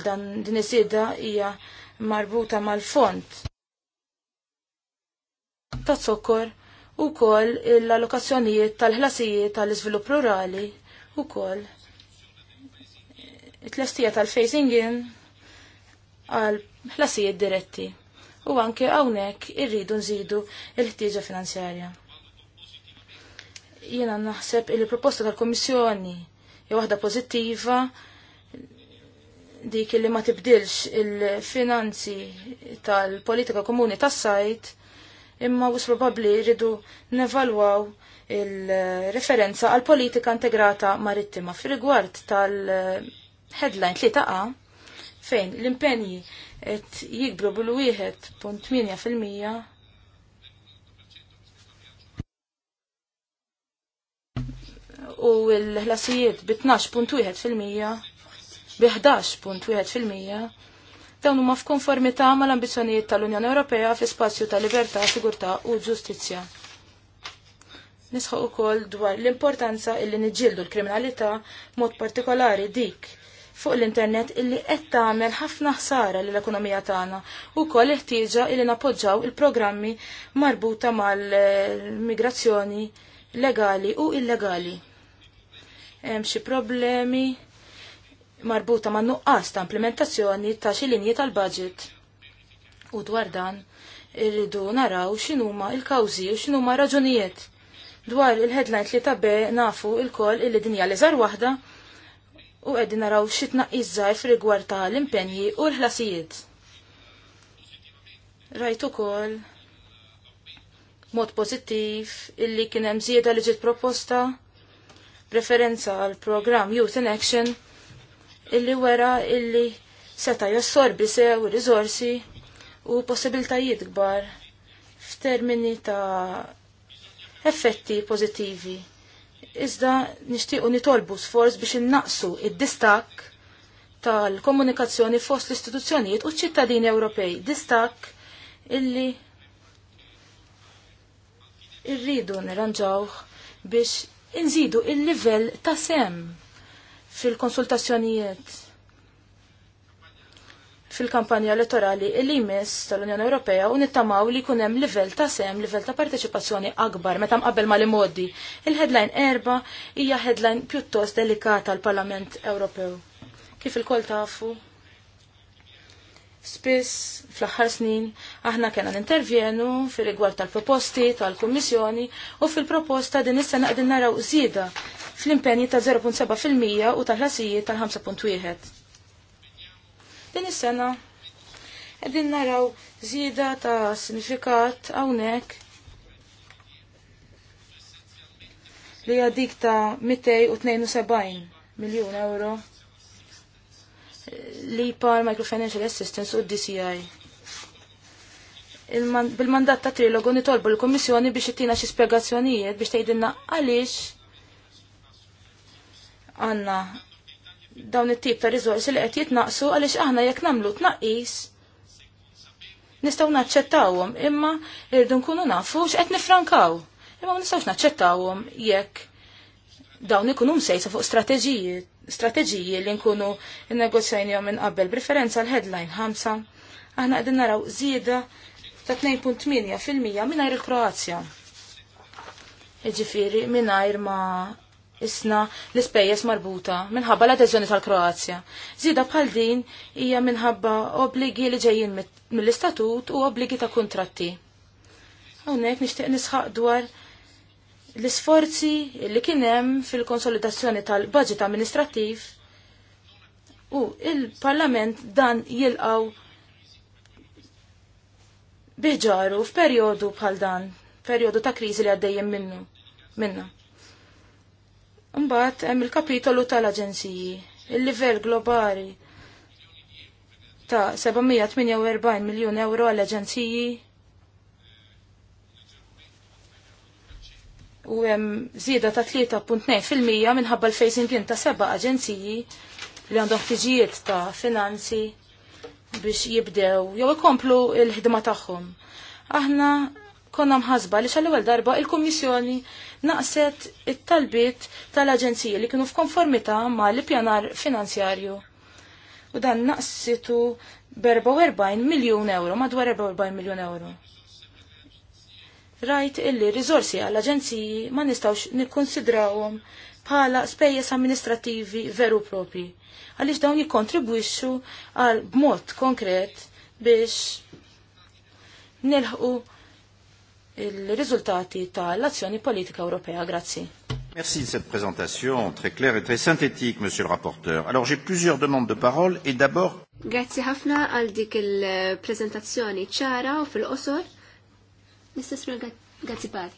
dan din iż-żieda hija marbuta mal-font ta' zokkor u kol l-allokazzjonijiet tal-ħlasijiet tal-iżvilupp rurali u kol it-tlestija tal facing in għal ħlasijiet diretti. U anke hawnhekk irridu nżidu l-ħtieġa finanzjarja. Jiena naħseb il proposta tal-Kummissjoni hija waħda pożittiva dik li ma tibdilx il-finanzi tal-politika komuni tas-sajt imma wis probabbli jridu nevalwaw il-referenza għal politika integrata marittima fir rigward tal-headline 3A fejn l-impenji qed jikbru bil-1.8 fil-mija u l-ħlasijiet bi 12.1 fil-mija bi 11.1 fil-mija dawn huma f'konformità mal-ambizzjonijiet tal-Unjoni Ewropea fi spazju ta' libertà, sigurtà u ġustizzja. Nisħu ukoll dwar l-importanza illi niġġieldu l-kriminalità mod partikolari dik fuq l-internet illi qed tagħmel ħafna ħsara lill ekonomija tagħna u koll ħtieġa illi napoġġaw il-programmi marbuta mal-migrazzjoni legali u illegali. Hemm xi problemi marbuta ma' nuqqas ta' implementazzjoni ta' xi linji tal-budget. U dwar dan irridu naraw x'inhuma il-kawżi u x'inhuma raġunijiet dwar il-headline li tabe nafu il-koll il-dinja li zar waħda u għedin naraw xitna izzaj frigwar ta' l-impenji u l-ħlasijiet. Rajt ukoll mod pożittiv illi kien hemm żieda li ġiet proposta referenza għal programm Youth in Action illi wera illi seta' jassorbi sew rizorsi u possibiltajiet kbar f'termini ta' effetti pozittivi. Iżda nixtiequ nitolbu sforz biex innaqsu id-distak tal-komunikazzjoni fost l-istituzzjonijiet u ċittadini Ewropej. Distak illi irridu nirranġawh biex inżidu il-livell ta' sem fil-konsultazzjonijiet fil-kampanja elettorali li jmiss tal-Unjoni Ewropea u nittamaw li jkun hemm livell ta' sem, livell ta' parteċipazzjoni akbar meta mqabbel ma' li modi. Il-headline erba hija headline pjuttost delikata għal parlament Ewropew. Kif il-kol tafu? Spiss, fl-aħħar snin, aħna kena n-intervjenu fil-rigward tal-proposti tal-Kummissjoni u fil-proposta din is-sena qegħdin naraw zida fl-impenji ta' 0.7% u tal-ħasijiet tal-5.1. Din is-sena qegħdin naraw żieda ta' sinifikat hawnhekk li hija dik ta' 272 miljun euro li par Microfinancial Assistance u DCI bil-mandat ta' trilogu nitolbu l-Komissjoni biex ittina xi spjegazzjonijiet biex tgħidilna għaliex għandna dawn it-tip ta' rizorsi li qed jitnaqsu għaliex aħna jekk nagħmlu tnaqqis nistgħu naċċettawhom imma rridu nkunu nafu x'qed nifrankaw. Imma ma nistgħux naċċettawhom jekk dawn ikunu msejsa fuq strateġiji strateġiji li nkunu negozjajnijom minn qabel. Preferenza l-headline 5. Aħna qegħdin naraw żieda ta' 2.8% mingħajr il-Kroazja. Jiġifieri mingħajr ma' isna l-ispejjeż marbuta minħabba l-adeżjoni tal-Kroazja. Zida bħal din hija minħabba obbligi li ġejjin mill-istatut u obbligi ta' kuntratti. Hawnhekk nixtieq nisħaq dwar l-isforzi li kien hemm fil-konsolidazzjoni tal-budget amministrattiv u il-Parlament dan jilqaw biġaru f'perjodu bħal dan, perjodu ta' kriżi li għaddejjem minnu minna. Mbagħad hemm il-kapitolu tal-aġenziji, il-livell globali ta' 748 miljun euro għal aġenziji u hemm żieda ta' fil-mija minħabba l facing in ta' seba' aġenziji li għandhom ħtiġijiet ta' finanzi biex jibdew jew ikomplu l-ħidma tagħhom. Aħna konna mħazba li xal-ewwel darba il-Kummissjoni naqset it-talbiet tal-Aġenziji li kienu f'konformità ma' l-pjanar finanzjarju. U dan naqsitu b-44 miljun euro, madwar 44 miljun euro. Rajt illi rizorsi għall-Aġenziji ma nistgħux nikkonsidrawhom bħala spejjeż amministrativi veru propi. Għaliex dawn jikkontribwixxu għal b'mod konkret biex nilħu il-riżultati tal-azzjoni politika Ewropea. Grazzi. Merci de cette présentation très claire et très synthétique, Monsieur le rapporteur. Alors j'ai plusieurs demandes de parole et d'abord. Grazie ħafna għal dik il-prezentazzjoni ċara u fil-qosor. Mr. grazzi pari.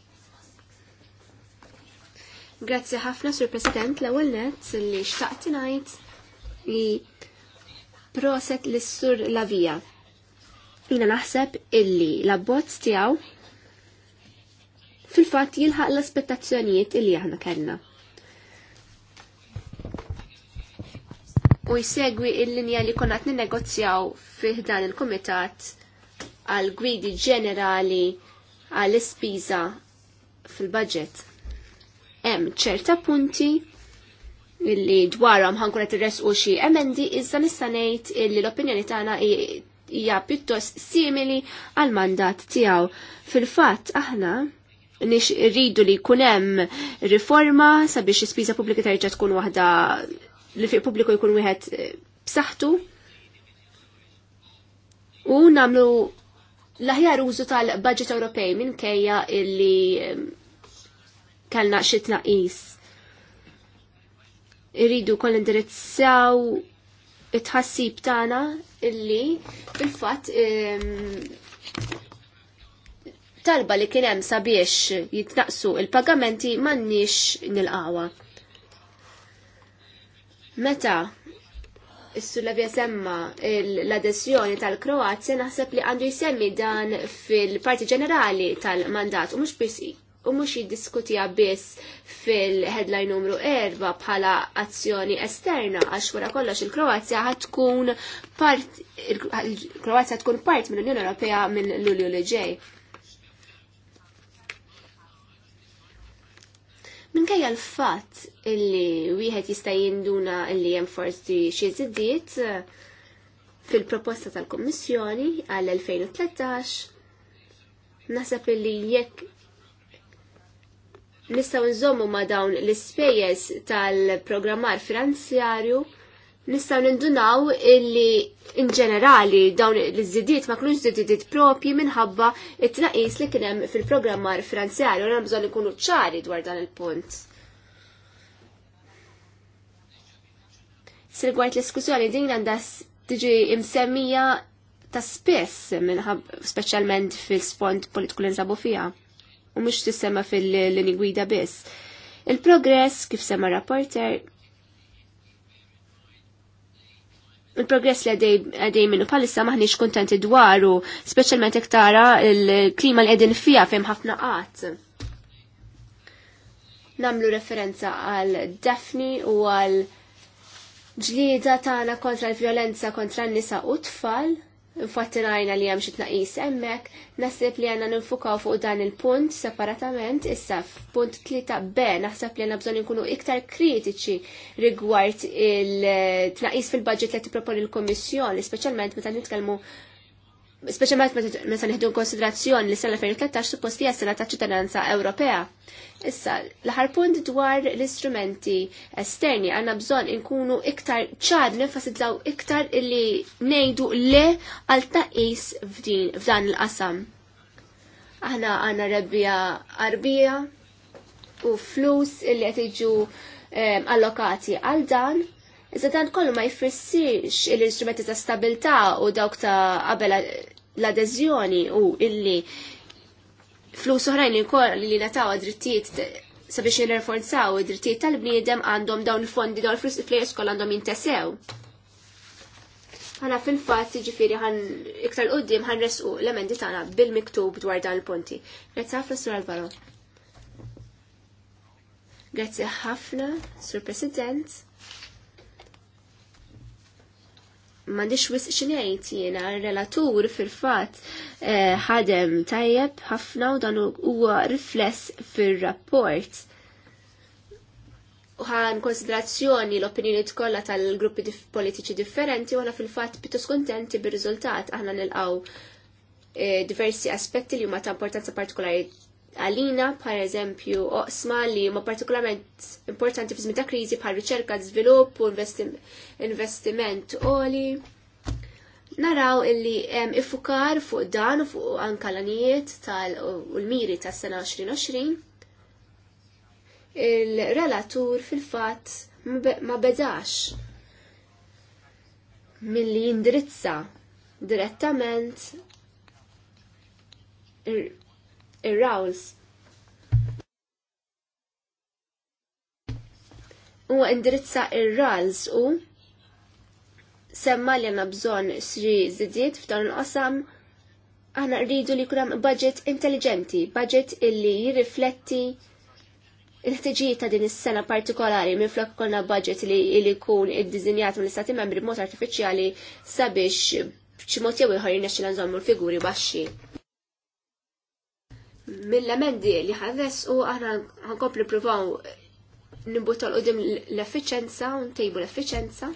Grazie ħafna sur President l-ewwel nett li xtaqt ngħid li proset l-sur via. Jina naħseb illi l-abbozz tiegħu fil-fatt jilħaq l-aspettazzjonijiet li aħna kellna. U jsegwi il-linja li konna n ninnegozjaw fih dan il-kumitat għal gwidi ġenerali għal ispiża fil-budget. Hemm ċerta punti illi dwarhom ħankun qed irresqu xi emendi iżda nista' ngħid illi l-opinjoni tagħna hija pjuttost simili għal mandat tiegħu. Fil-fatt aħna nix rridu li kunem riforma sabiex ispiża pubblika terġa' tkun waħda li fiq pubbliku jkun wieħed eh, b'saħħtu. U namlu l-aħjar użu tal-budget Ewropej minkejja illi eh, kellna xi tnaqis. Irridu kol indirizzaw it-ħassib tagħna illi fil-fatt eh, talba li kien hemm sabiex jitnaqsu il-pagamenti m'għandniex qawa Meta is-Sulevja semma l-adesjoni tal-Kroazja naħseb li għandu jsemmi dan fil-parti ġenerali tal-mandat u mhux biss u mhux jiddiskuti biss fil-headline numru 4 bħala azzjoni esterna għax wara kollox il-Kroazja tkun part il-Kroazja tkun part mill-Unjoni Ewropea minn Lulju li ġej. Minkejja l-fatt illi wieħed jista' jinduna illi hemm forsi xi żiddiet eh, fil-proposta tal-Kommissjoni għal 2013 naħseb illi jekk nistgħu nżommu ma' dawn l-ispejjeż tal-programmar finanzjarju nistaw nindunaw illi in ġenerali dawn l-żidiet ma kienux żidiet propji minħabba it-tnaqis li kien hemm fil-programmar finanzjarju u bżonn ikunu ċari dwar dan il-punt. Sirgwajt l iskussjoni din għandha tiġi imsemmija ta' spess minħabba speċjalment fil-spont politiku li nsabu fija u mhux tissemma fil lingwida biss. Il-progress kif semma rapporter il-progress li għadej minnu palissa maħniġ kontenti dwaru, specialment iktara il-klima li għedin fija fejm ħafna qatt. Namlu referenza għal Daphne u għal ġlieda tagħna kontra l-vjolenza kontra n-nisa u tfal Infatti rajna li hemm xi tnaqis hemmhekk, naħseb li għandna ninfukaw fuq dan il-punt separatament issa f'punt tlieta B naħseb li għandna bżon inkunu iktar kritiċi rigward il-tnaqis fil-budget li tipproponi l komissjon speċjalment meta nitkellmu speċjalment meta nieħdu konsiderazzjoni li sena 2013 suppost fiha sena ta' ċittadinanza Ewropea. Issa, l-aħħar punt dwar l-istrumenti esterni għandna bżonn inkunu iktar ċad nenfasizzaw iktar illi ngħidu le għal taqis f'din f'dan il-qasam. Aħna għandna rebbija qarbija u flus illi qed jiġu eh, allokati għal dan Iżda dan kollu ma jfissirx l-istrumenti ta' stabilità u dawk ta' qabel l-adeżjoni u illi flus oħrajn li kor li nataw drittijiet sabiex jirreforzaw id-drittijiet tal-bniedem għandhom dawn il-fondi dawn il-flus il-flejers kol għandhom jintesew. Għana fil-fat ġifiri għan iktar l-qoddim għan resqu l-emendi tana bil-miktub dwar dan il-punti. Grazie ħafna, Sur Alvaro. Grazie ħafna, Sur President. m'għandix wisq x'ngħid jiena relatur fil-fatt eh, ħadem tajjeb ħafna u dan huwa rifless fir-rapport. Uħan konsiderazzjoni l-opinjoni kollha tal-gruppi politiċi differenti u fil-fatt pittus kontenti bir-riżultat aħna nilqgħu eh, diversi aspetti li huma ta' importanza partikolari għalina, par eżempju, oqsma li ma partikolarment importanti fi ta' krizi par riċerka, żvilupp u investiment oli. Naraw illi hemm ifukar fuq dan u fuq anka l-anijiet tal-miri tas-sena 2020. Il-relatur fil-fatt ma bedax milli jindirizza direttament ir-Rawls. U indirizza ir-Rawls u semma li għanna bżon sri zidiet f'dan il-qasam għanna rridu li kuram budget intelligenti, budget illi jirrifletti il-ħtiġijiet ta' din is-sena partikolari minn flok konna budget li li jkun minn l istati membri b'mod artifiċjali sabiex b'ċimot mod jew ieħor l-anżommu l-figuri baxxi mill-emendi li ħadess u aħna ħankompli provaw nimbuttaw l qudim l-effiċenza u ntejbu l-effiċenza.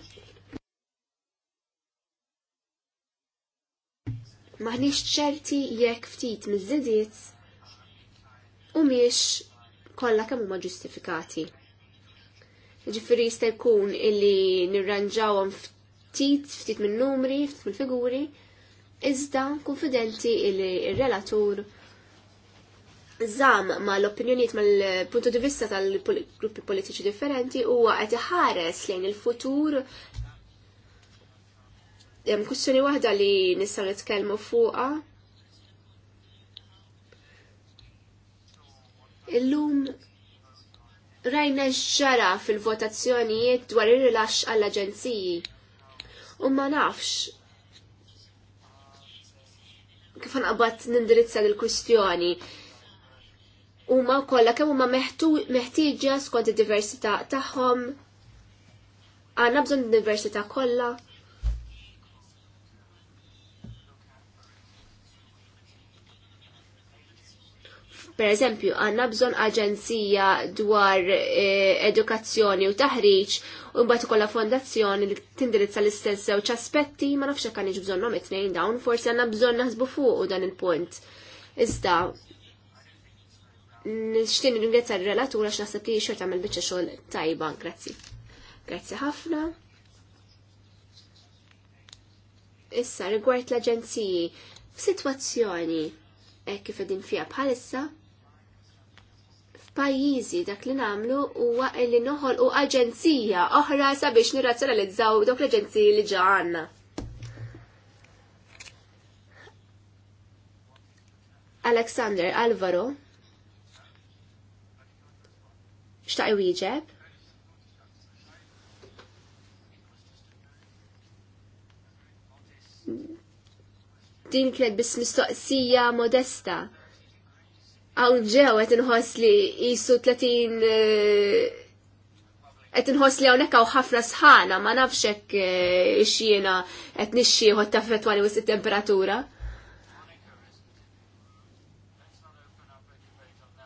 Maħniex ċerti jekk ftit miż-żidiet u miex kollha kemm huma ġustifikati. Ġifieri jista' jkun illi nirranġawhom ftit, ftit minn numri, ftit mill-figuri, iżda konfidenti illi il relatur il zam ma l-opinjoniet ma l-punto di vista tal-gruppi politiċi differenti huwa qed iħares lejn il-futur hemm kwistjoni waħda li nistgħu nitkellmu fuqha. Illum rajna ġara fil-votazzjonijiet dwar ir-rilaxx għall-aġenziji. U ma nafx kif nqabad nindirizza l-kwistjoni huma kollha kemm huma meħtieġa skont id-diversità tagħhom. Għandna bżonn diversità kollha. Per eżempju, għanna bżon aġenzija dwar eh, edukazzjoni u taħriġ u mbagħad ikolla fondazzjoni li tindirizza l-istess żewġ aspetti ma nafx hekk għandix bżonnhom it-tnejn dawn, forsi għandna bżonn naħsbu fuq dan il-punt. Iżda, nixtieq nirringrazzja r-relatur għax naħseb li xorta għamil biċċa xogħol tajba, grazzi. Grazzi ħafna. Issa rigward l-aġenziji, f'sitwazzjoni hekk kif qegħdin fiha bħalissa, f'pajjiżi dak li nagħmlu huwa li noħolqu aġenzija oħra sabiex nirrazzjonalizzaw dawk l-aġenziji li ġaħanna. għandna. Alexander Alvaro xtaq iwieġeb? Din kienet biss mistoqsija modesta. Għaw ġew qed inħoss li qisu 30 eh, qed inħoss li hawnhekk hawn ħafna sħana ma nafx hekk eh, xiena qed nixxieħu taffettwani wisq it-temperatura.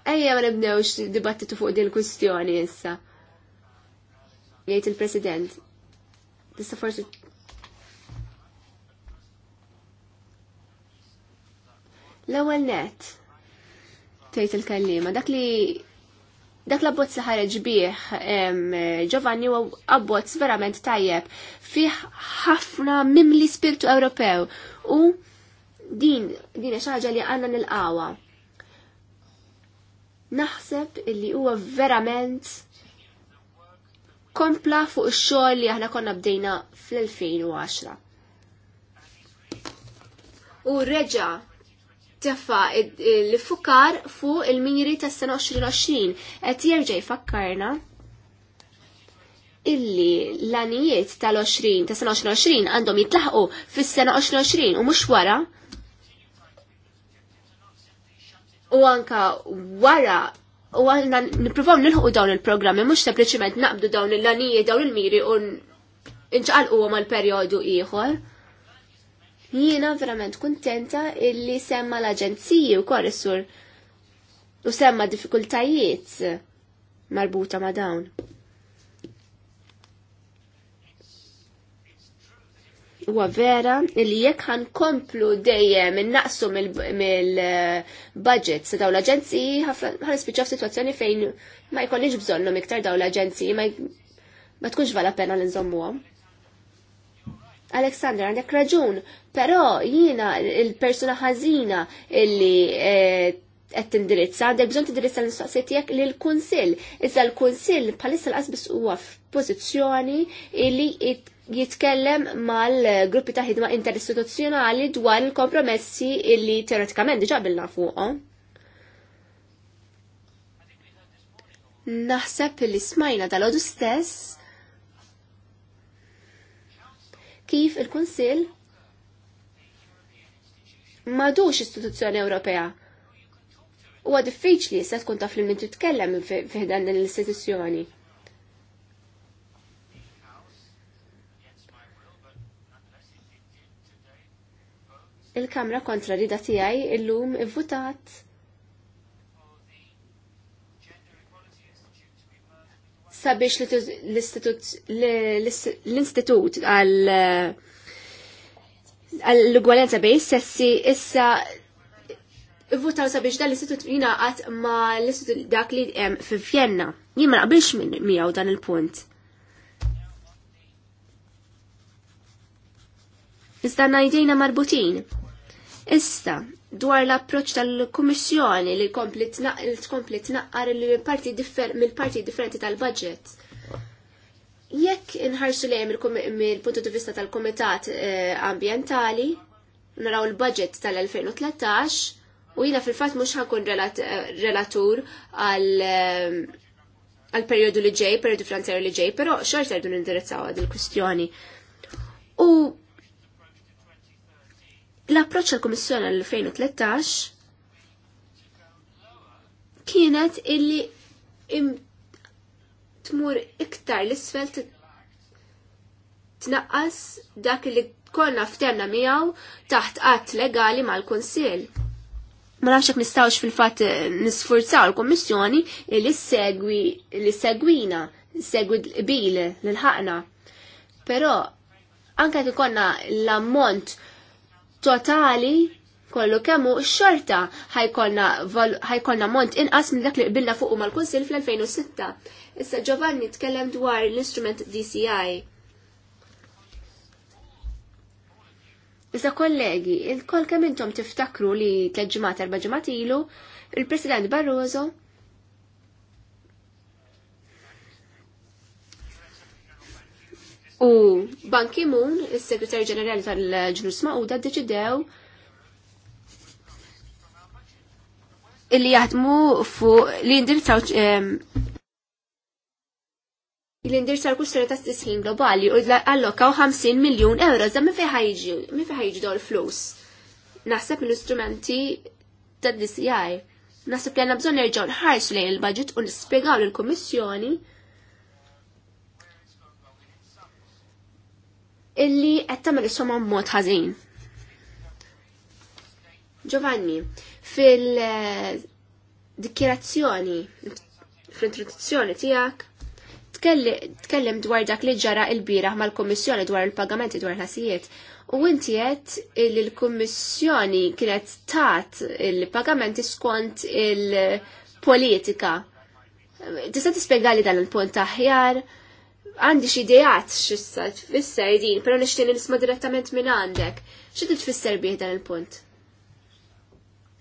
ejja ma nibdewx dibattitu fuq din il-kwistjoni issa. Jgħid il-President. Tista' forsi L-ewwel net tgħid il-kallima dak li dak l-abbozz li ħareġ bih Giovanni huwa abbozz verament tajjeb fih ħafna mimli spiritu Ewropew u din din xi ħaġa li għandna nilqawha naħseb illi huwa verament kompla fuq ix-xogħol li aħna konna bdejna fl-2010. U reġa' tefa l-fukar fuq il-minjiri tas sena 2020 qed jerġa' jfakkarna illi l-anijiet tal-20 tas sena 2020 għandhom jitlaħqu fis-sena 2020 u mhux wara u anka wara u għanna niprofaw nilħu dawn il-programmi, mux sepliciment naqbdu dawn il-lanije, dawn il-miri u inċaqal u għamal periodu iħor. Jiena verament kontenta illi semma l-aġenziji u korrissur u semma diffikultajiet marbuta ma dawn. huwa vera li jekk ħankomplu dejjem innaqsu mill-budget se daw l-aġenziji ħanispiċċaw f'sitwazzjoni fejn ma jkollix bżonnhom iktar daw l-aġenziji ma tkunx vala pena li nżommuhom. Aleksandra, għandek raġun, però jiena il-persuna ħażina illi eh, qed tindirizza, għandek bżonn tindirizza l-mistoqsijiet tiegħek lil kunsill. Iżda l-kunsill bħalissa l-qasbis huwa f'pożizzjoni li jitkellem mal-gruppi ta' ħidma interistituzzjonali dwar il-kompromessi illi teoretikament diġà bilna fuqhom. Naħseb li smajna tal għodu stess kif il-Kunsill madux istituzzjoni Ewropea huwa diffiċli issa tkun taf li min titkellem fiħdan l-istituzzjoni. Il-Kamra kontra rida tiegħi illum votat sabiex l-istitut għal l-ugwalenza bej sessi issa votaw sabiex dan l-istitut jingħaqad ma l-istitut dak li hemm fi Vjenna. Jien ma naqbilx minn miegħu dan il-punt. Iżda ngħidejna marbutin. Issa, dwar l-approċ tal-Kummissjoni li tkompli tnaqqar mill-parti differenti tal-budget. Jekk inħarsu lejn mill-puntu di vista tal-Komitat eh, Ambientali, naraw il-budget tal-2013, U jina fil-fat mux ħakun relatur ehm, għal periodu li ġej, periodu finanzjarju li ġej, pero xorta rridu nindirizzaw għad il-kustjoni. U l-approċ għal-Komissjoni għal-2013 kienet illi tmur iktar l-isfel tnaqqas dak li konna ftemna miegħu taħt qatt legali mal-Kunsill ma nafx jekk nistgħux fil-fatt nisfurzaw l-Kommissjoni li segwi li segwina, segwi bil lil ħaqna. Però anke jekk ikollna l-ammont totali kollu kemmu xorta ħajkolna mont inqas minn dak li qbilna fuq mal-Kunsil fl-2006. Issa Giovanni tkellem dwar l-instrument DCI Iżda kollegi, il-kol kemm intom tiftakru li tleġġimat erba' ġimgħat ilu, il-President Barroso U Ban Ki-moon, il-Segretarju Ġenerali tal-Ġnus Maquda, deċidew illi jaħdmu fuq li indirizzaw ehm, il indir tal-kustjoni ta' tisħin globali u allokaw 50 miljun euro, za' mi fi ħajġi dawn flus. Naħseb l-istrumenti ta' DCI. Naħseb li għanna bżonn nerġgħu nħarsu lejn il-budget u nispjegaw l kummissjoni illi qed l-summa mod ħażin. Giovanni, fil-dikjerazzjoni, eh, fl-introduzzjoni tiegħek, tkellem dwar dak li ġara il-biraħ mal-Kommissjoni dwar il-pagamenti dwar ħasijiet. U inti qed li l-Kummissjoni kienet tat il-pagamenti skont il-politika. Tista' tispjegali dan il-punt aħjar? Għandi xi ideat x'issa tfisser din, però nixtieq nisma' direttament minn għandek. Xi tfisser bih dan il-punt?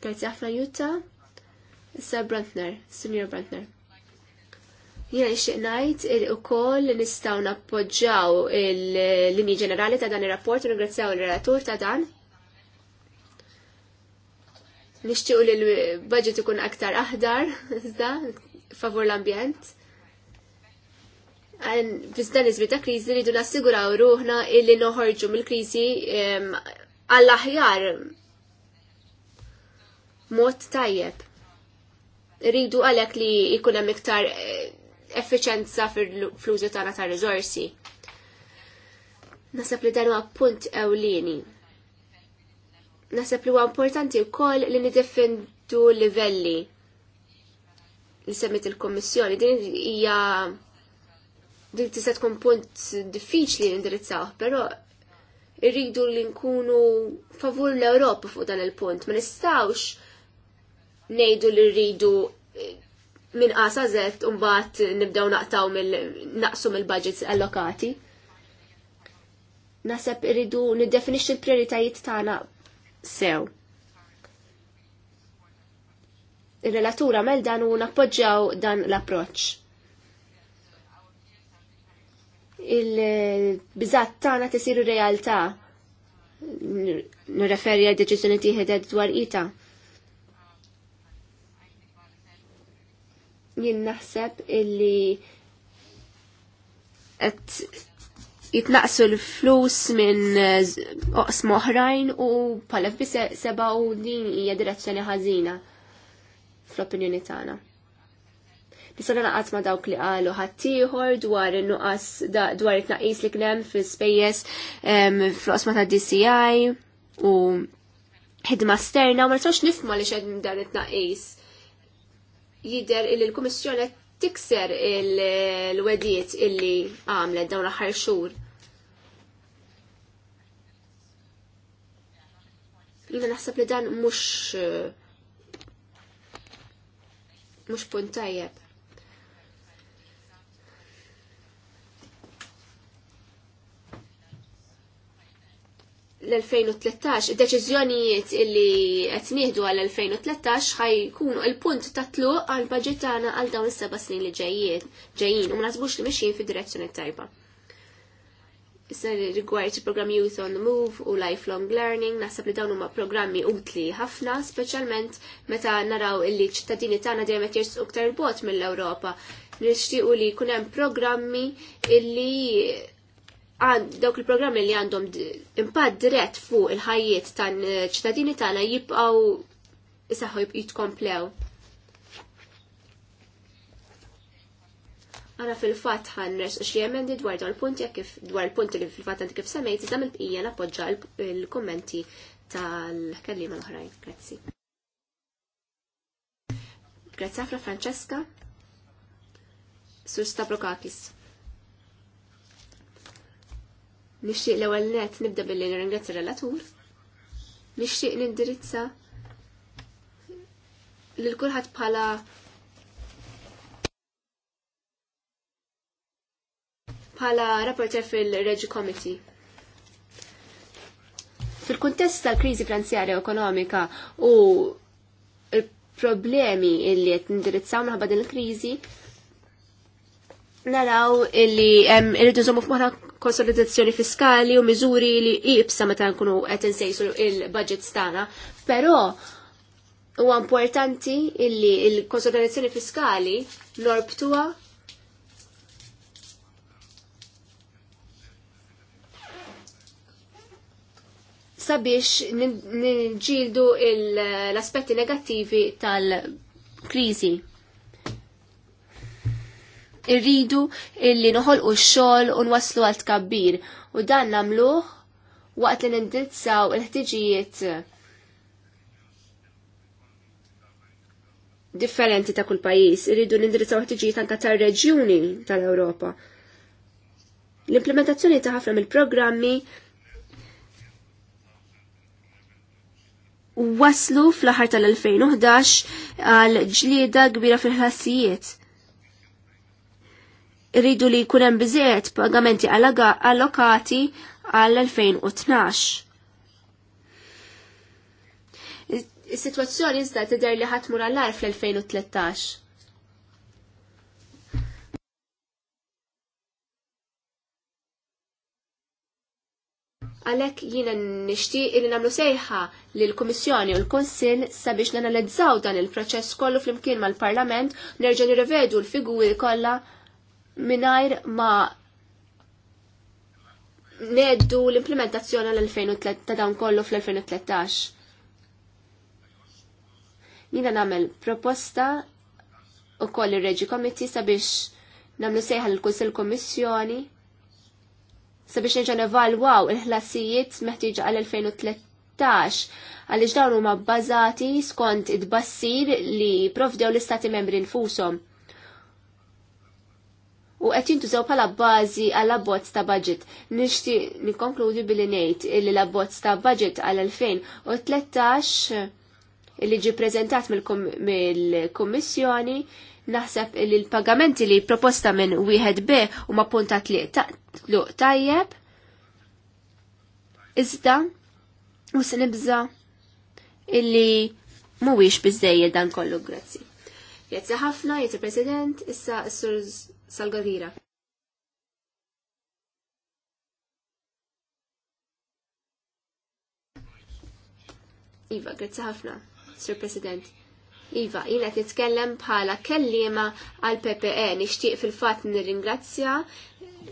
Grazzi ħafna Jutta. Issa Brantner, Senior Brantner. Jena nixtieq ngħid il ukoll nistgħu nappoġġaw il-linji ġenerali ta' dan ir-rapport u ringrazzjaw il-relatur ta' dan. Nixtiequ li l-budget ikun aktar aħdar, iżda, favur l-ambjent. Bizda nizmi ta' kriżi rridu nassiguraw ruħna illi noħorġu mill-kriżi għall-aħjar mod tajjeb. Rridu għalhekk li jkun hemm iktar effiċenza fil-flużu tagħna ta' riżorsi. Nasab li dan huwa punt ewlieni. Nasab li huwa importanti wkoll li nidefendu livelli li semmit il-Kommissjoni. Din hija din tista' tkun punt diffiċli li indirizzaw, però irridu li nkunu favur l-Ewropa fuq dan il-punt. Ma nistawx ngħidu li rridu minn qasa zett Z unbat nibdew naqtaw naqsu mill-budgets allokati. Naseb irridu niddefinixxi l-prioritajiet tagħna sew. Ir-relatura mel dan u nappoġġjaw dan l-approċċ. Il-biżat tagħna tisir realtà nirreferi għal deċiżjoni tieħed dwar ita. jien naħseb illi qed jitnaqsu l-flus minn eh, oqsm oħrajn u pala fi seba u din hija direzzjoni ħażina fl-opinjoni tagħna. Nisana naqqas ma dawk li qalu ħaddieħor dwar in nuqqas dwar it-naqis li kien hemm fl-ispejjeż fl-oqsma ta' DCI u ħidma sterna ma nistax nifma li xed dan it-naqis jider illi l-Kummissjoni tikser il wediet illi għamlet dawn l-aħħar xhur. Jina naħseb li dan mux eh, mhux punt tajjeb. l-2013, id-deċiżjonijiet illi qed għal 2013 ħajkunu il-punt ta' tluq għal budgetana għal dawn is-seba' snin li ġejjin, ġejjin u mnazbux naħsbux li mixjin fid-direzzjoni tajba. Issa rigward il-programm Youth on the Move u Lifelong Learning, naħseb li dawn huma programmi utli ħafna, speċjalment meta naraw illi ċittadini tagħna dejjem qed jirsqu iktar bot mill-Ewropa. Nixtiequ li jkun hemm programmi illi dawk il-programmi li għandhom impatt dirett fuq il-ħajjiet tan eh, ċittadini tagħna jibqgħu isaħħu jitkomplew. Għana fil-fatt ħanres xi emendi dwar dawn il-punti kif dwar il-punti li fil-fatt għandi kif semmejt iżda mill-bqija nappoġġa l-kummenti tal-kellima l-oħrajn. Grazzi. Grazzi ħafna Francesca. Sur Stavrokakis. Nixtieq l-ewwel net nibda billi nirringrazzja relatur. Nixtieq nindirizza lil kulħadd bħala bħala rapporter fil-Regi Committee. Fil-kuntest tal-kriżi finanzjarja ekonomika u il-problemi illi qed nindirizzaw naħba din il-kriżi, naraw illi irridu nżommu f'moħħna konsolidazzjoni fiskali u miżuri li ibsa meta nkunu qed insejsu il-budget stana. Però huwa importanti illi il-konsolidazzjoni fiskali l sabiex nġildu l-aspetti negattivi tal-krizi irridu illi noħolqu x-xogħol u nwaslu għal tkabbir u dan nagħmluh waqt li nindirizzaw il-ħtiġijiet differenti ta' kull pajjiż, irridu nindirizzaw ħtiġijiet anka tar-reġjuni tal-Ewropa. L-implementazzjoni ta' ħafna mill-programmi waslu fl-aħħar tal-2011 għal ġlieda kbira fil-ħassijiet rridu li hemm bizziet pagamenti allokati għall 2012 Is-sitwazzjoni iżda tidher li ħatmur għall-ar fl-2013. għalek jina nishtiq li namlu sejħa li l-Komissjoni u l-Konsil sabiex nanalizzaw dan il-proċess kollu fl-imkien mal-Parlament nerġa nirrevedu l-figuri kollha minajr ma neddu l-implementazzjoni l-2003 ta' dawn kollu fl-2013. Nina namel proposta u koll il-Reġi Komitti sabiex namlu sejħa l-Kunsil Komissjoni sabiex nġan evalwaw il-ħlasijiet meħtieġa għal-2013 għaliex dawn huma bbażati skont id-bassir li provdew l-istati membri nfushom u qed jintużaw bħala bażi għall abbozz ta' budget. Nishti nikkonkludi billi ngħid li l-abbozz ta' budget għal 2013 illi ġi prezentat mill-Kummissjoni naħseb li l-pagamenti li proposta minn wieħed B u ma puntat li taqluq tajjeb. Iżda, u se nibża illi mhuwiex biżejjed dan kollu grazzi. Grazzi ħafna, jeti President, issa s surz Salgadira. Iva, grazzi ħafna, Sir President. Iva, jina titkellem bħala kellima għal PPE, nishtiq fil-fat nir-ringrazzja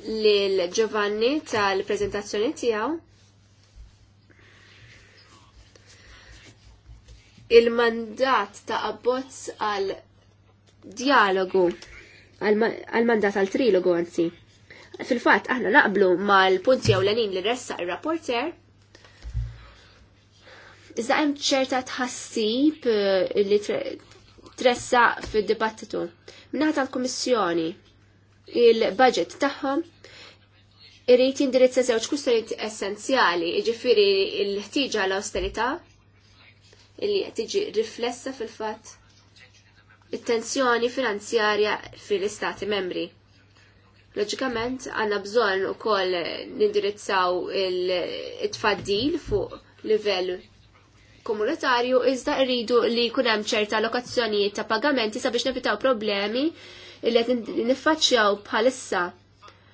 lil Giovanni tal-prezentazzjoni tijaw. Il-mandat ta' abbozz għal dialogu għal-mandat għal-trilogu għanzi. Fil-fat, aħna naqblu mal-punti għawlenin li ressa il-rapporter, Iżda hemm ċerta tħassib eh, li tressa fid-dibattitu. Minnaħat tal-Kummissjoni il-budget tagħhom irrid jindirizza żewġ kustonijiet essenzjali, jiġifieri l-ħtieġa l-austerità li qed tiġi riflessa fil-fatt it-tensjoni finanzjarja fil-istati membri. Loġikament, għanna bżon u koll nindirizzaw il-tfaddil fuq livell komunitarju, iżda rridu li kunem ċerta lokazzjoni ta' pagamenti sabiex nevitaw problemi li qed niffaċċjaw bħalissa.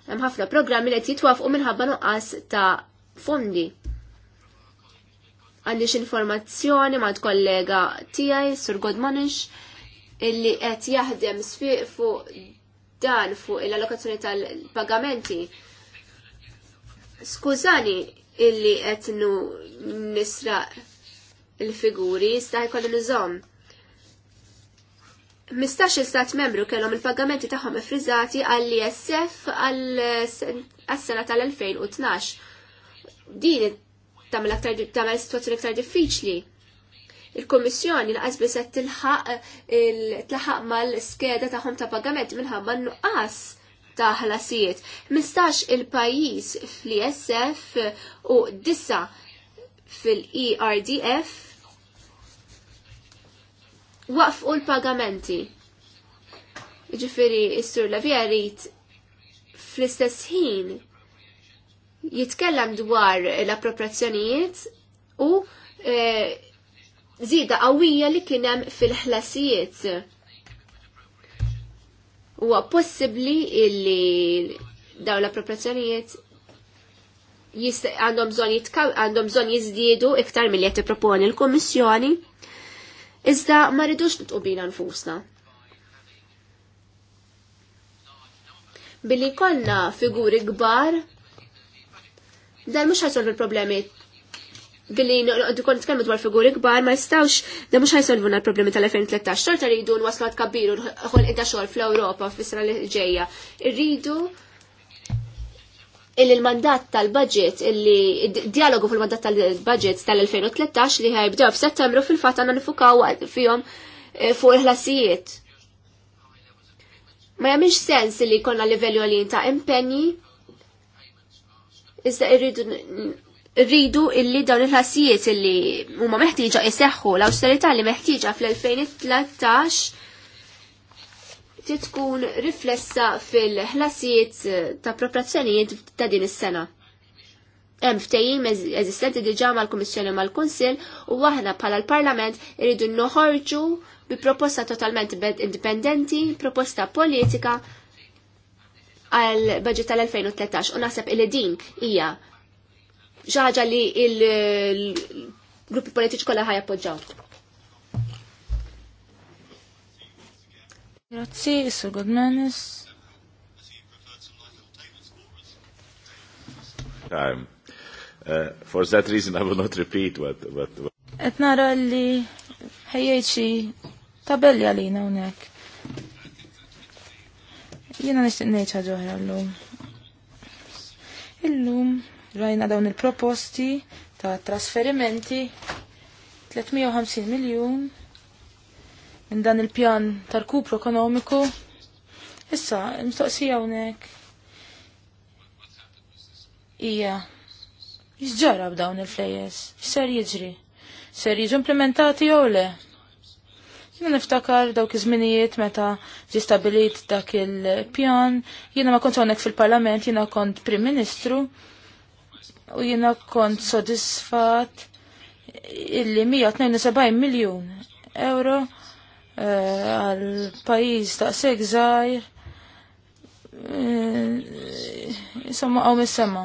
Hemm ħafna programmi li qed jitwafqu minħabba nuqqas ta' fondi. Għandix informazzjoni mad kollega tiegħi Sur Godmanix illi qed jaħdem sfiq fuq dan fuq il-allokazzjoni tal-pagamenti. Skużani illi qed nisra il-figuri, sta jkollu nizom. Mistax il-stat membru kellhom il-pagamenti tagħhom ifriżati għall ISF għas-sena tal-2012. Din tagħmel aktar tagħmel situazzjoni aktar diffiċli il-Kommissjoni laqas biss qed tilħaq eh, tlaħaq mal-skeda tagħhom ta' pagament minħabba nuqqas ta' ħlasijiet. Mistax il-pajjiż fl-ISF u dissa fil-ERDF waqfu l-pagamenti. Ġifiri, s-sur Lavija rrit fl-istess ħin jitkellem dwar l-appropriazzjonijiet u eh, zida qawwija li kienem fil-ħlasijiet. Huwa possibbli illi dawn l-appropriazzjonijiet għandhom bżonn għandhom bżonn jiżdiedu iktar milli qed tipproponi l-Kummissjoni. Iżda ma rridux nitqubina nfusna. Billi konna figuri kbar dan mhux għasol il problemi billi noqdu t tkellmu dwar figuri kbar ma jistawx da mhux ħajsolvuna l-problemi tal-2013. Xorta rridu n-waslu għad kabbiru ħolqin ta' xogħol fl-Ewropa f sena l ġejja. Irridu illi l-mandat tal-budget, illi dialogu fil-mandat tal-budget tal-2013 li ħajbdew f'Settembru fil-fatt għandna nifukaw fihom eh, fuq il-ħlasijiet. Ma jamiex sens li konna livelli għalin ta' impenji, iżda irridu rridu illi dawn il-ħassijiet illi huma meħtieġa jseħħu l-awsterità li meħtieġa fl-2013 titkun riflessa fil-ħlasijiet ta' proprazzjonijiet ta' din is-sena. Hemm ftehim eżistenti diġà mal-Kummissjoni mal-Kunsill u aħna bħala l-Parlament irridu noħorġu bi proposta totalment indipendenti, proposta politika għal budget tal-2013 u naħseb illi din hija xaħġa li il-gruppi politiċi kolla ħaj appoġġaw. Grazzi, Sir Godmanis. Time. Uh, for that reason I will not repeat what... what, what. Et nara li ħejjeċi tabelli għalina unek. Jena nishtiq nejċa ġoħra l-lum. Il-lum Rajna dawn il-proposti ta' trasferimenti 350 miljun minn dan il-pjan tal-kupru ekonomiku. Issa, mistoqsija hawnhekk. Ija, jizġara b'dawn il-flejes, x'ser jiġri? Ser jiġu implementati jew le? Jina niftakar dawk iż-żminijiet meta ġi stabilit dak il-pjan, jiena ma kontx hawnhekk fil-Parlament, jiena kont Prim Ministru, u jina kont sodisfat illi 172 miljon euro eh, għal pajis ta' segżajr jisamma eh, e, għaw mis-sema.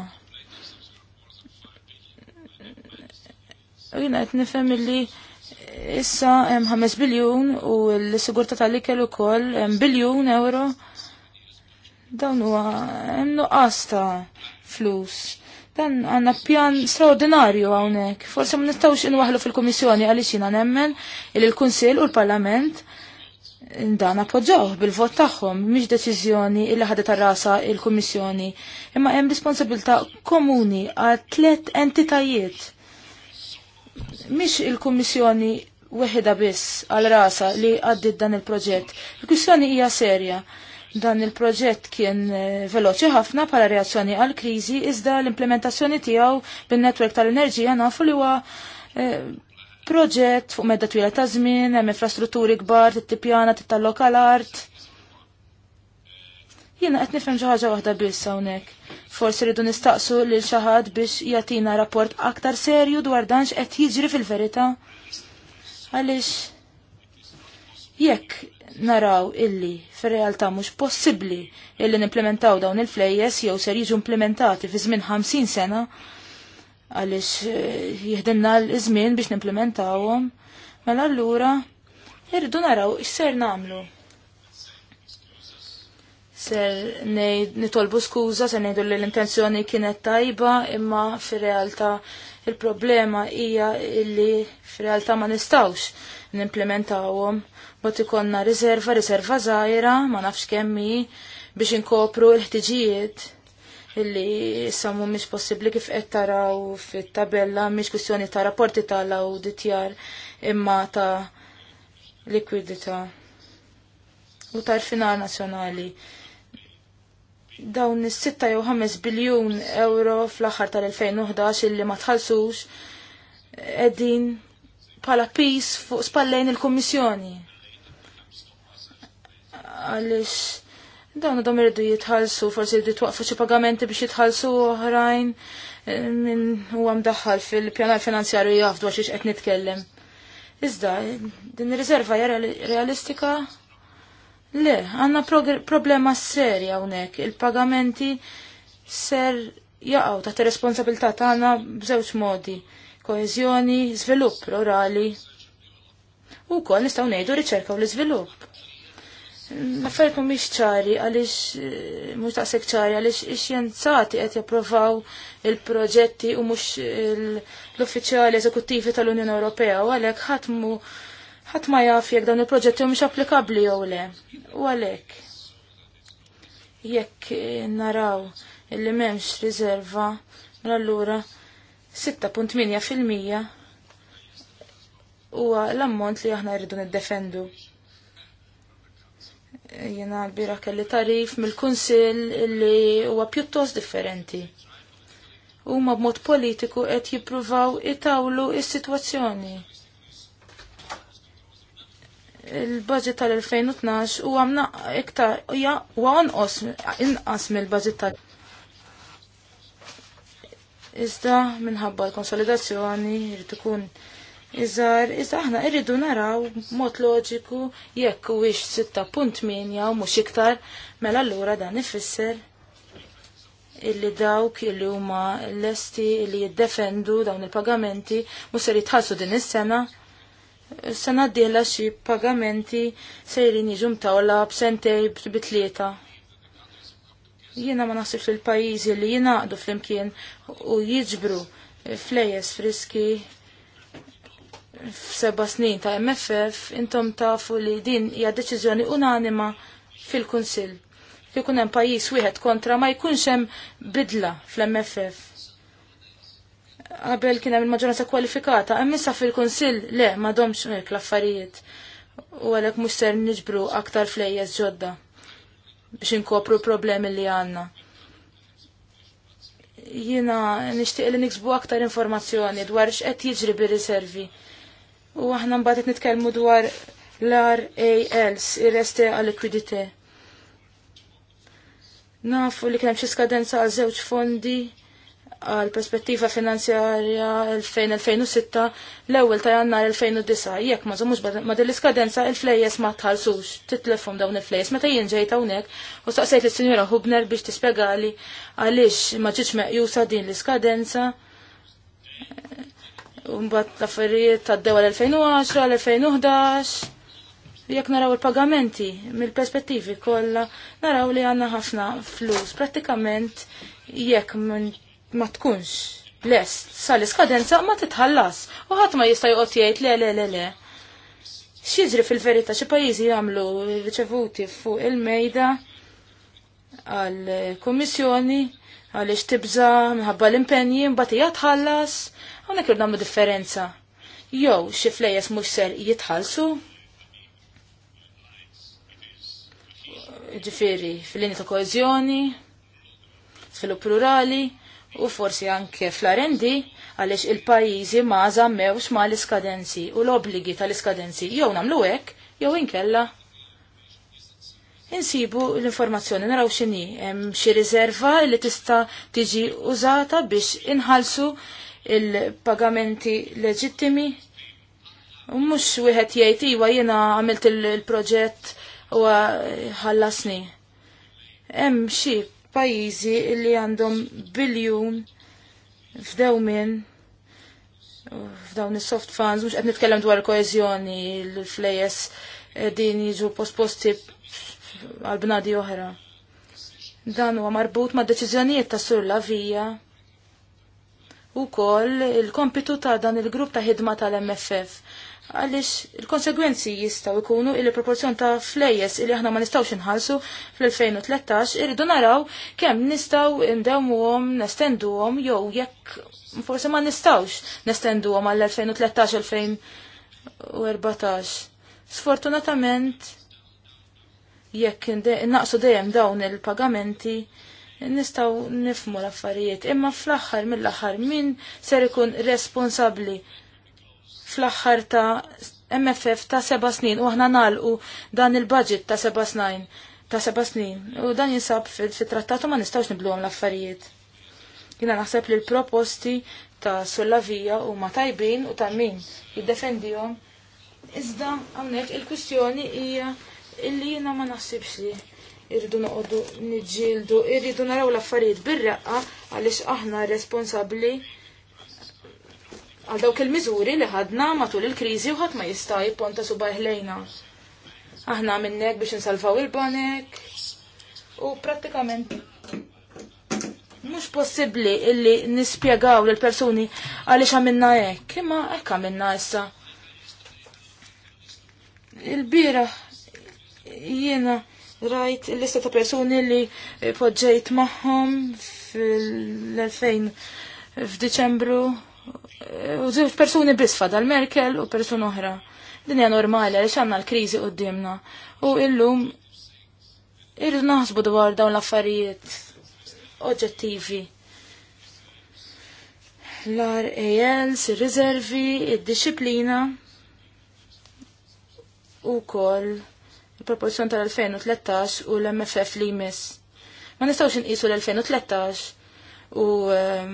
U jina għet nifem illi issa hemm 5 biljun u l-sigurta tal-ikel ukoll hemm biljun euro dawn huwa hemm nuqqas ta' flus Dan għanna pjan straordinarju għawnek. Forse ma nistawx inwaħlu fil-Komissjoni għaliex jiena nemmen il l-Kunsill u l-Parlament dan appoġġaw bil-vot tagħhom mhix deċiżjoni illi ħadet rasa il-Kummissjoni, imma hemm responsabilità komuni għal tliet entitajiet. Mhix il-Kummissjoni weħda biss għal rasa li għaddit dan il-proġett. Il-kwistjoni hija serja. Dan il-proġett kien eh, veloċi ħafna pala reazzjoni għal kriżi iżda l-implementazzjoni tiegħu bin-netwerk tal-enerġija nafu li huwa eh, proġett fuq medda twila ta' żmien, hemm infrastrutturi kbar, tittipjana, titallokal art. Jiena qed nifhem xi ħaġa waħda biss hawnhekk. Forsi rridu nistaqsu lil xi ħadd biex jagħtina rapport aktar serju dwar dan x'qed jiġri fil-verità. Għaliex jekk naraw illi fir-realtà mhux possibbli illi nimplementaw dawn il-flejjes jew ser jiġu implementati fi żmien 50 sena għaliex eh, jihdinna l-żmien biex nimplementawhom, mela allura irridu naraw x'ser nagħmlu. Ser nitolbu skuża, ser ngħidu li l-intenzjoni kienet tajba, imma fir-realtà il-problema hija illi fir-realtà ma nistgħux nimplementawhom Bat ikonna riserva, riserva zaħira, ma nafx kemmi biex inkopru l-ħtiġijiet illi sammu mhix possibbli kif qed taraw fit-tabella mhix kwistjoni ta' rapporti tal auditjar imma ta' likwidità u tarfinar nazzjonali. Dawn is-6 jew 5 biljun euro fl-aħħar tal-2011 illi ma tħallsux qegħdin bħala pis fuq spallejn il-Kummissjoni għaliex dawn għadhom irridu jitħallsu, forsi irridu twaqfu xi pagamenti biex jitħallsu oħrajn eh, minn għam daħħal fil-pjanar finanzjarju jgħafdu għaxiex qed nitkellem. Iżda, din ir-riserva hija realistika? Le, għandna problema serja hawnhekk. Il-pagamenti ser jaqgħu taħt ir-responsabilità tagħna b'żewġ modi. Koeżjoni, żvilupp rurali, u kol nistaw nejdu riċerka u l-izvilup. L-affarijiet mhumiex ċari għaliex eh, mhux taqsek ċari għaliex ix-xjenzati qed japprovaw il-proġetti u mhux l-uffiċjali eżekuttivi tal-Unjoni Ewropea u għalhekk ħadd ħadd ma jaf jekk dawn il-proġetti mhumiex applikabbli jew le. U għalhekk jekk eh, naraw illi m'hemmx riserva mela allura 6.8 fil-mija huwa l-ammont li aħna rridu niddefendu. Jena l-bira kelli tarif mill-kunsil li huwa pjuttost differenti. Huma b'mod politiku qed jippruvaw itawlu is-sitwazzjoni. Il-budget tal-2012 huwa għamna iktar huwa onqos inqas mill-budget tal- Iżda minħabba l-konsolidazzjoni jrid ikun Iżar, iżda aħna irridu naraw mod loġiku jekk huwiex 6.8 u mhux iktar, mela allura dan ifisser illi dawk illi huma l-esti illi jiddefendu dawn il-pagamenti mhux ser jitħassu din is-sena sena sena d dilla xi pagamenti sejrin jiġu mtawla b'sentej b'tlieta. Jiena ma naħsibx il pajjiżi li jinaqdu flimkien u jiġbru flejes friski f'seba' snin ta' MFF intom tafu li din hija deċiżjoni unanima fil-Kunsill. Kikun hemm pajjiż wieħed kontra ma jkunx hemm bidla fl-MFF. Qabel kien hemm il-maġġoranza kwalifikata, hemm issa fil-Kunsill le m'għadhomx hekk l-affarijiet. U għalhekk mhux ser niġbru aktar flejjeż ġodda biex inkopru problemi li għandna jina nishtiq li niksbu aktar informazzjoni dwar x'qed jiġri bir-riservi. U aħna mbagħad qed nitkellmu dwar l-RALs, ir-resti għal likwidità. Nafu li kien xi skadenza għal żewġ fondi għal perspettiva finanzjarja 2006 l-ewwel ta' jannar 2009 jekk ma żommux ma din l-iskadenza il-flejjes ma tħallsux titlefhom dawn il-flejjes meta jien ġejt hawnhekk u staqsejt lis-Sinjura Hubner biex tispjegali għaliex ma ġietx meqjusa din l-iskadenza Mbagħad l-affarijiet d-dewa l 2010 l 2011 Jekk naraw il-pagamenti mill-perspettivi kollha, naraw li għandna ħafna flus prattikament jekk ma tkunx lest salis iskadenza ma titħallas u ħadd ma jista' joqgħod jgħid le le le le. X'jiġri fil-verità xi pajjiżi jagħmlu riċevuti fuq il-mejda għal-Kummissjoni għaliex tibża minħabba l-impenji mbagħad jgħatħallas. tħallas Għonek rrid nagħmlu differenza. Jew xi flejjes mhux ser jitħallsu. Ġifieri fil-linja ta' fil svilupp rurali u forsi anke fl-arendi għaliex il-pajjiżi ma zammewx ma l-iskadenzi u l-obbligi tal-iskadenzi jew nagħmlu hekk jew inkella insibu l-informazzjoni naraw x'inhi hemm xi riserva li tista' tiġi użata biex inħalsu il-pagamenti leġittimi. U mux wieħed jgħid iwa jiena għamilt il-proġett u ħallasni. Hemm xi pajjiżi li għandhom biljun f'dew minn f'dawn is-soft funds mhux qed nitkellem dwar koeżjoni l-flejes din jiġu posposti għal bnadi oħra. Dan huwa marbut ma' deċiżjonijiet ta' sur la vija u koll il-kompitu ta' dan il-grupp ta' ħidma tal-MFF. Għalix il-konsegwenzi jistaw ikunu il proporzjon ta' flejjes li aħna ma nistawx nħalsu fl-2013 irridu naraw kemm nistaw nestendu nestenduhom jew jekk forse ma nistawx nestenduhom għall-2013-2014. Sfortunatament jekk naqsu dejjem dawn il-pagamenti, nistaw nifmu l-affarijiet. Imma fl-axħar mill-axħar min ser ikun responsabli fl-axħar ta' MFF ta' seba snin u aħna nalqu dan il-budget ta' seba snin ta' seba snin u dan jinsab fit-trattatu ma nistawx nibluhom l-affarijiet. Jina naħseb li l-proposti ta' Sullavija u ma tajbin u ta' min għom. Iżda hawnhekk il-kwistjoni hija illi jiena ma naħsibx li irridu noqogħdu niġġieldu, irridu naraw l-affarijiet bir-reqqa għaliex aħna responsabbli għal dawk il-miżuri li ħadna matul il-kriżi u ħadd ma jista' jipponta subajh lejna. Aħna minnek biex insalvaw il-banek u prattikament mhux possibbli illi nispjegaw lill persuni għaliex għamilna hekk, imma hekk għamilna issa. Il-bira jiena rajt il-lista ta' persuni li poġġejt maħħom fil-2000 f'Diċembru u żewġ persuni bisfa dal-Merkel u persuna oħra. Din hija normali għal għandna l-kriżi dimna U illum irridu naħsbu dwar dawn l-affarijiet oġġettivi. L-RALs, ir-riservi, id-disciplina u koll il-proporzjon tal-2013 u l-MFF li jmiss. Ma nistawx nqisu l-2013 u ehm,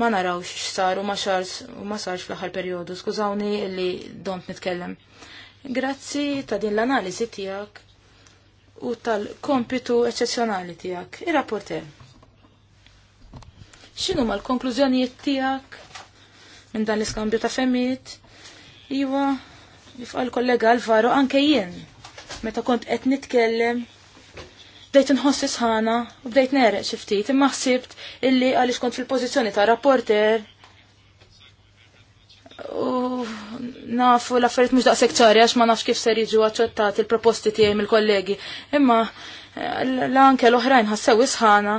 ma narawx x'sar u ma xarx u ma sarx fl-aħħar perjodu. Skużawni li dont nitkellem. Grazzi ta' din l-analiżi tiegħek u tal-kompitu eċċezzjonali tiegħek. Ir-rapporter. X'inhu l konklużjonijiet tiegħek minn dan l-iskambju ta' femmijiet? Iwa, jifqal kollega Alvaro anke jien meta kont qed nitkellem bdejt nħossi isħana u bdejt nereq xi ftit imma ħsibt illi għaliex kont fil-pożizzjoni ta' rapporter u nafu l-affarijiet mhux daqshekk ċari għax ma nafx kif ser jiġu aċċettat il-proposti tiegħi mill-kollegi. Imma eh, l-anke l-oħrajn ħassew isħana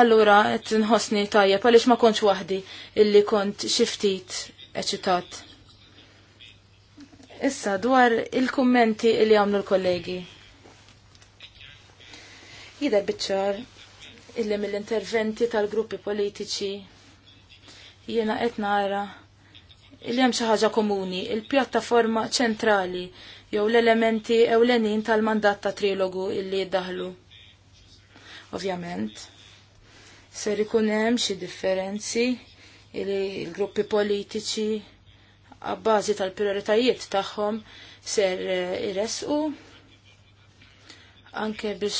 allura qed nħossni tajjeb għaliex ma kontx waħdi illi kont xi ftit eċitat. Issa dwar il-kummenti li għamlu l-kollegi. Jida bitċar illi mill-interventi tal-gruppi politiċi jiena qed nara li hemm xi ħaġa komuni, il-pjattaforma ċentrali jew l-elementi ewlenin tal-mandat ta' trilogu li jiddaħlu. Ovvjament, ser ikunem hemm xi differenzi il l-gruppi politiċi għabbażi tal-prioritajiet tagħhom ser eh, iresqu anke biex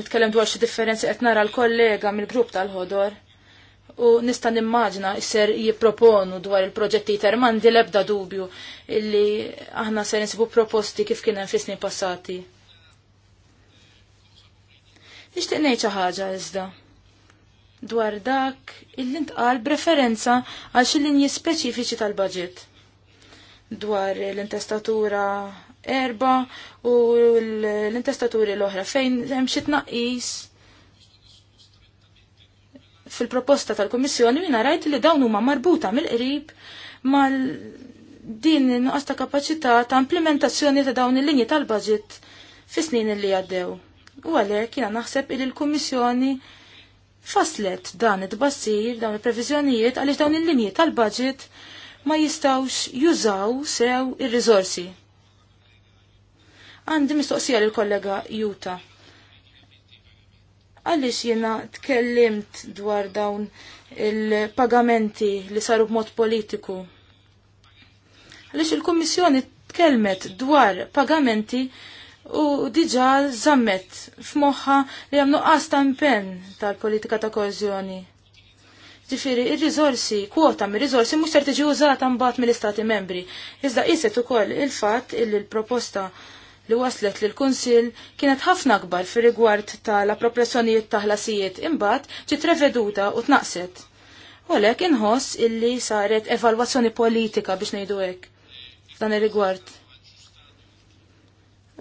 nitkellem dwar xi differenzi qed nara l-kollega mill-grupp tal-ħodor u nista' nimmaġna ser jipproponu dwar il-proġetti termandi l-ebda dubju illi aħna ser nsibu proposti kif kien hemm fis-snin passati. Nixtieq ngħid xi ħaġa iżda dwar dak il-intqal preferenza għal xi linji speċifiċi tal-budget dwar l-intestatura erba u l-intestaturi l-oħra fejn hemm xi tnaqqis fil-proposta tal-Kummissjoni jiena rajt li dawn huma marbuta mill-qrib mal din inqas ta' kapaċità ta' implementazzjoni ta' dawn il-linji tal-budget fis snin li għaddew. U għalhekk jiena naħseb li l-Kummissjoni faslet dan it-tbassir, dawn il-previżjonijiet għaliex dawn il-linji tal-budget ma jistawx jużaw sew ir rizorsi Għandi mistoqsija l kollega Juta. Għaliex jiena tkellimt dwar dawn il-pagamenti li saru b'mod politiku. Għaliex il-Kummissjoni tkellmet dwar pagamenti u diġa zammet f'moħħa li għamnu għastan impenn tal-politika ta' kozjoni. Ġifiri, il-rizorsi, kwota mir rizorsi mux ser tiġi użata mbagħad mill-Istati membri. Iżda u ukoll il-fatt il l-proposta li waslet l kunsil kienet ħafna akbar fir rigward tal-appropriazzjonijiet ta' ħlasijiet imbagħad ġiet reveduta u tnaqset. U Għalhekk inħoss illi saret evalwazzjoni politika biex ngħidu hekk f'dan ir-rigward.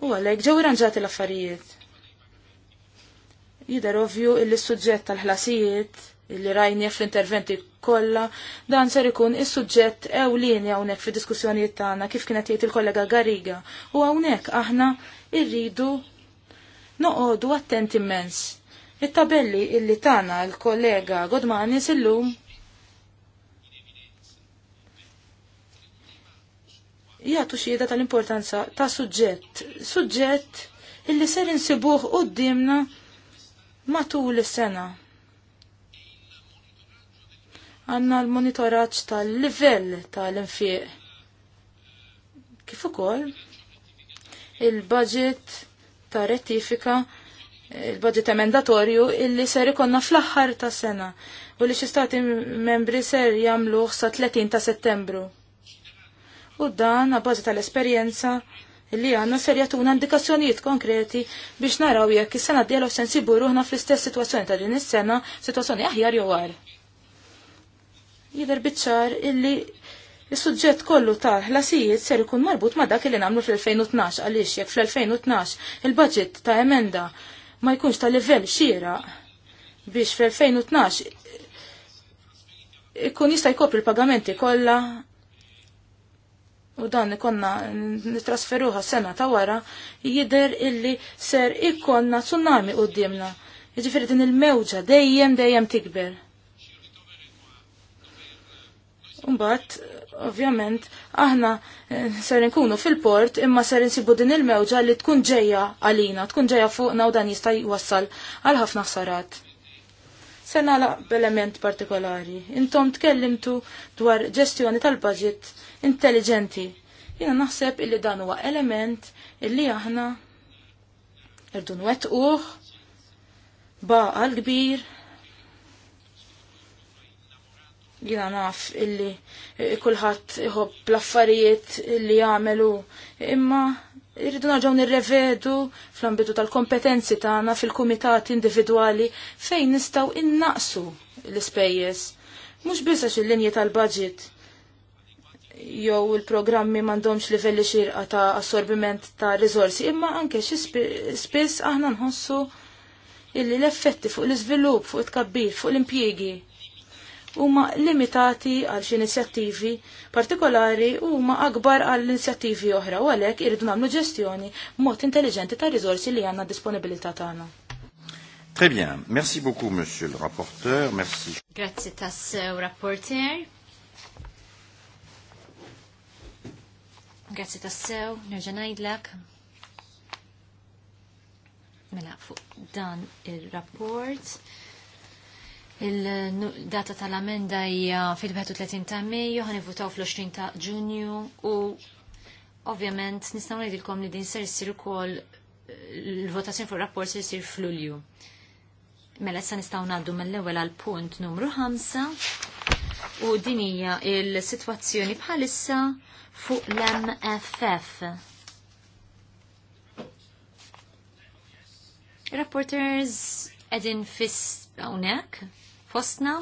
U għalhekk ġew irranġati l-affarijiet. Jidher ovju illi s-suġġett tal-ħlasijiet li rajni fl-interventi kollha, dan ser ikun is-suġġett ewlieni hawnhekk fid-diskussjonijiet tagħna kif kienet jgħid il-kollega Gariga. U hawnhekk aħna irridu noqogħdu attent immens. It-tabelli illi tana l-kollega Godmanis illum jgħatu xieda tal-importanza ta' suġġett. Suġġett illi ser insibuh qoddimna matul is-sena għanna l-monitoraċ tal-livell tal-infiq. Kif ukoll il-budget ta' rettifika il-budget emendatorju illi ser ikonna fl-aħħar ta' sena u li xi stati membri ser jagħmluh sa 30 ta' Settembru. U dan għabbażi tal-esperjenza li għanna ser jatuna indikazzjonijiet konkreti biex naraw jekk is-sena d-dialog sensiburu ruħna fl-istess situazzjoni ta' din is-sena, situazzjoni aħjar jew għar jider bitċar illi il suġġett kollu ta' ħlasijiet ser ikun marbut ma' dak li nagħmlu fl-2012 għaliex jekk fl-2012 il-budget ta' emenda ma jkunx ta' livell xira biex fl-2012 ikun jista' jkopri l-pagamenti kollha u dan ikonna nitrasferuha sena ta' wara jidher illi ser ikonna tsunami d Jiġifieri din il-mewġa dejjem dejjem tikber. Umbat, ovvjament aħna eh, ser nkunu fil-port imma ser insibu din il-mewġa li tkun ġejja għalina, tkun ġejja fuqna u dan jista' jwassal għal ħafna ħsarat. Ser nagħlaq b'element partikolari. Intom tkellimtu dwar ġestjoni tal-budget intelligenti. Jiena naħseb illi dan huwa element illi aħna irdu nwettquh baqa l-kbir jina naf illi eh, kullħat iħob l-affarijiet illi jagħmelu imma irridu naġaw nirrevedu fl-ambitu tal-kompetenzi tagħna fil-kumitat individwali fejn nistgħu innaqsu l-ispejjeż. Mhux biss għax il-linji tal-budget jew il-programmi m'għandhomx livelli xirqa ta' assorbiment ta' riżorsi, imma anke xi spiss aħna nħossu illi l-effetti fuq l-iżvilupp, fuq it-kabbir, fuq l-impjiegi huma limitati għal xi inizjattivi partikolari huma akbar għall inizjattivi oħra u għalhekk irridu nagħmlu ġestjoni mod intelligenti ta' riżorsi li għandna disponibilità tagħna. Très bien. Merci beaucoup, monsieur le rapporteur. Merci. Grazie tassew, rapporteur. Grazie tassew, nerġa' ngħidlek. Mela fuq dan ir-rapport Il-data tal-amenda hija fil-31 ta' Mejju, ħanivutaw fl-20 ta' Ġunju u ovvjament nistgħu ngħidilkom li din ser issir ukoll l-votazzjoni fuq rapport ser issir f'Lulju. Mela issa nistgħu ngħaddu mill-ewwel għal punt numru 5 u din hija l-sitwazzjoni bħalissa fuq l-MFF. Reporters edin fis hawnhekk fostna,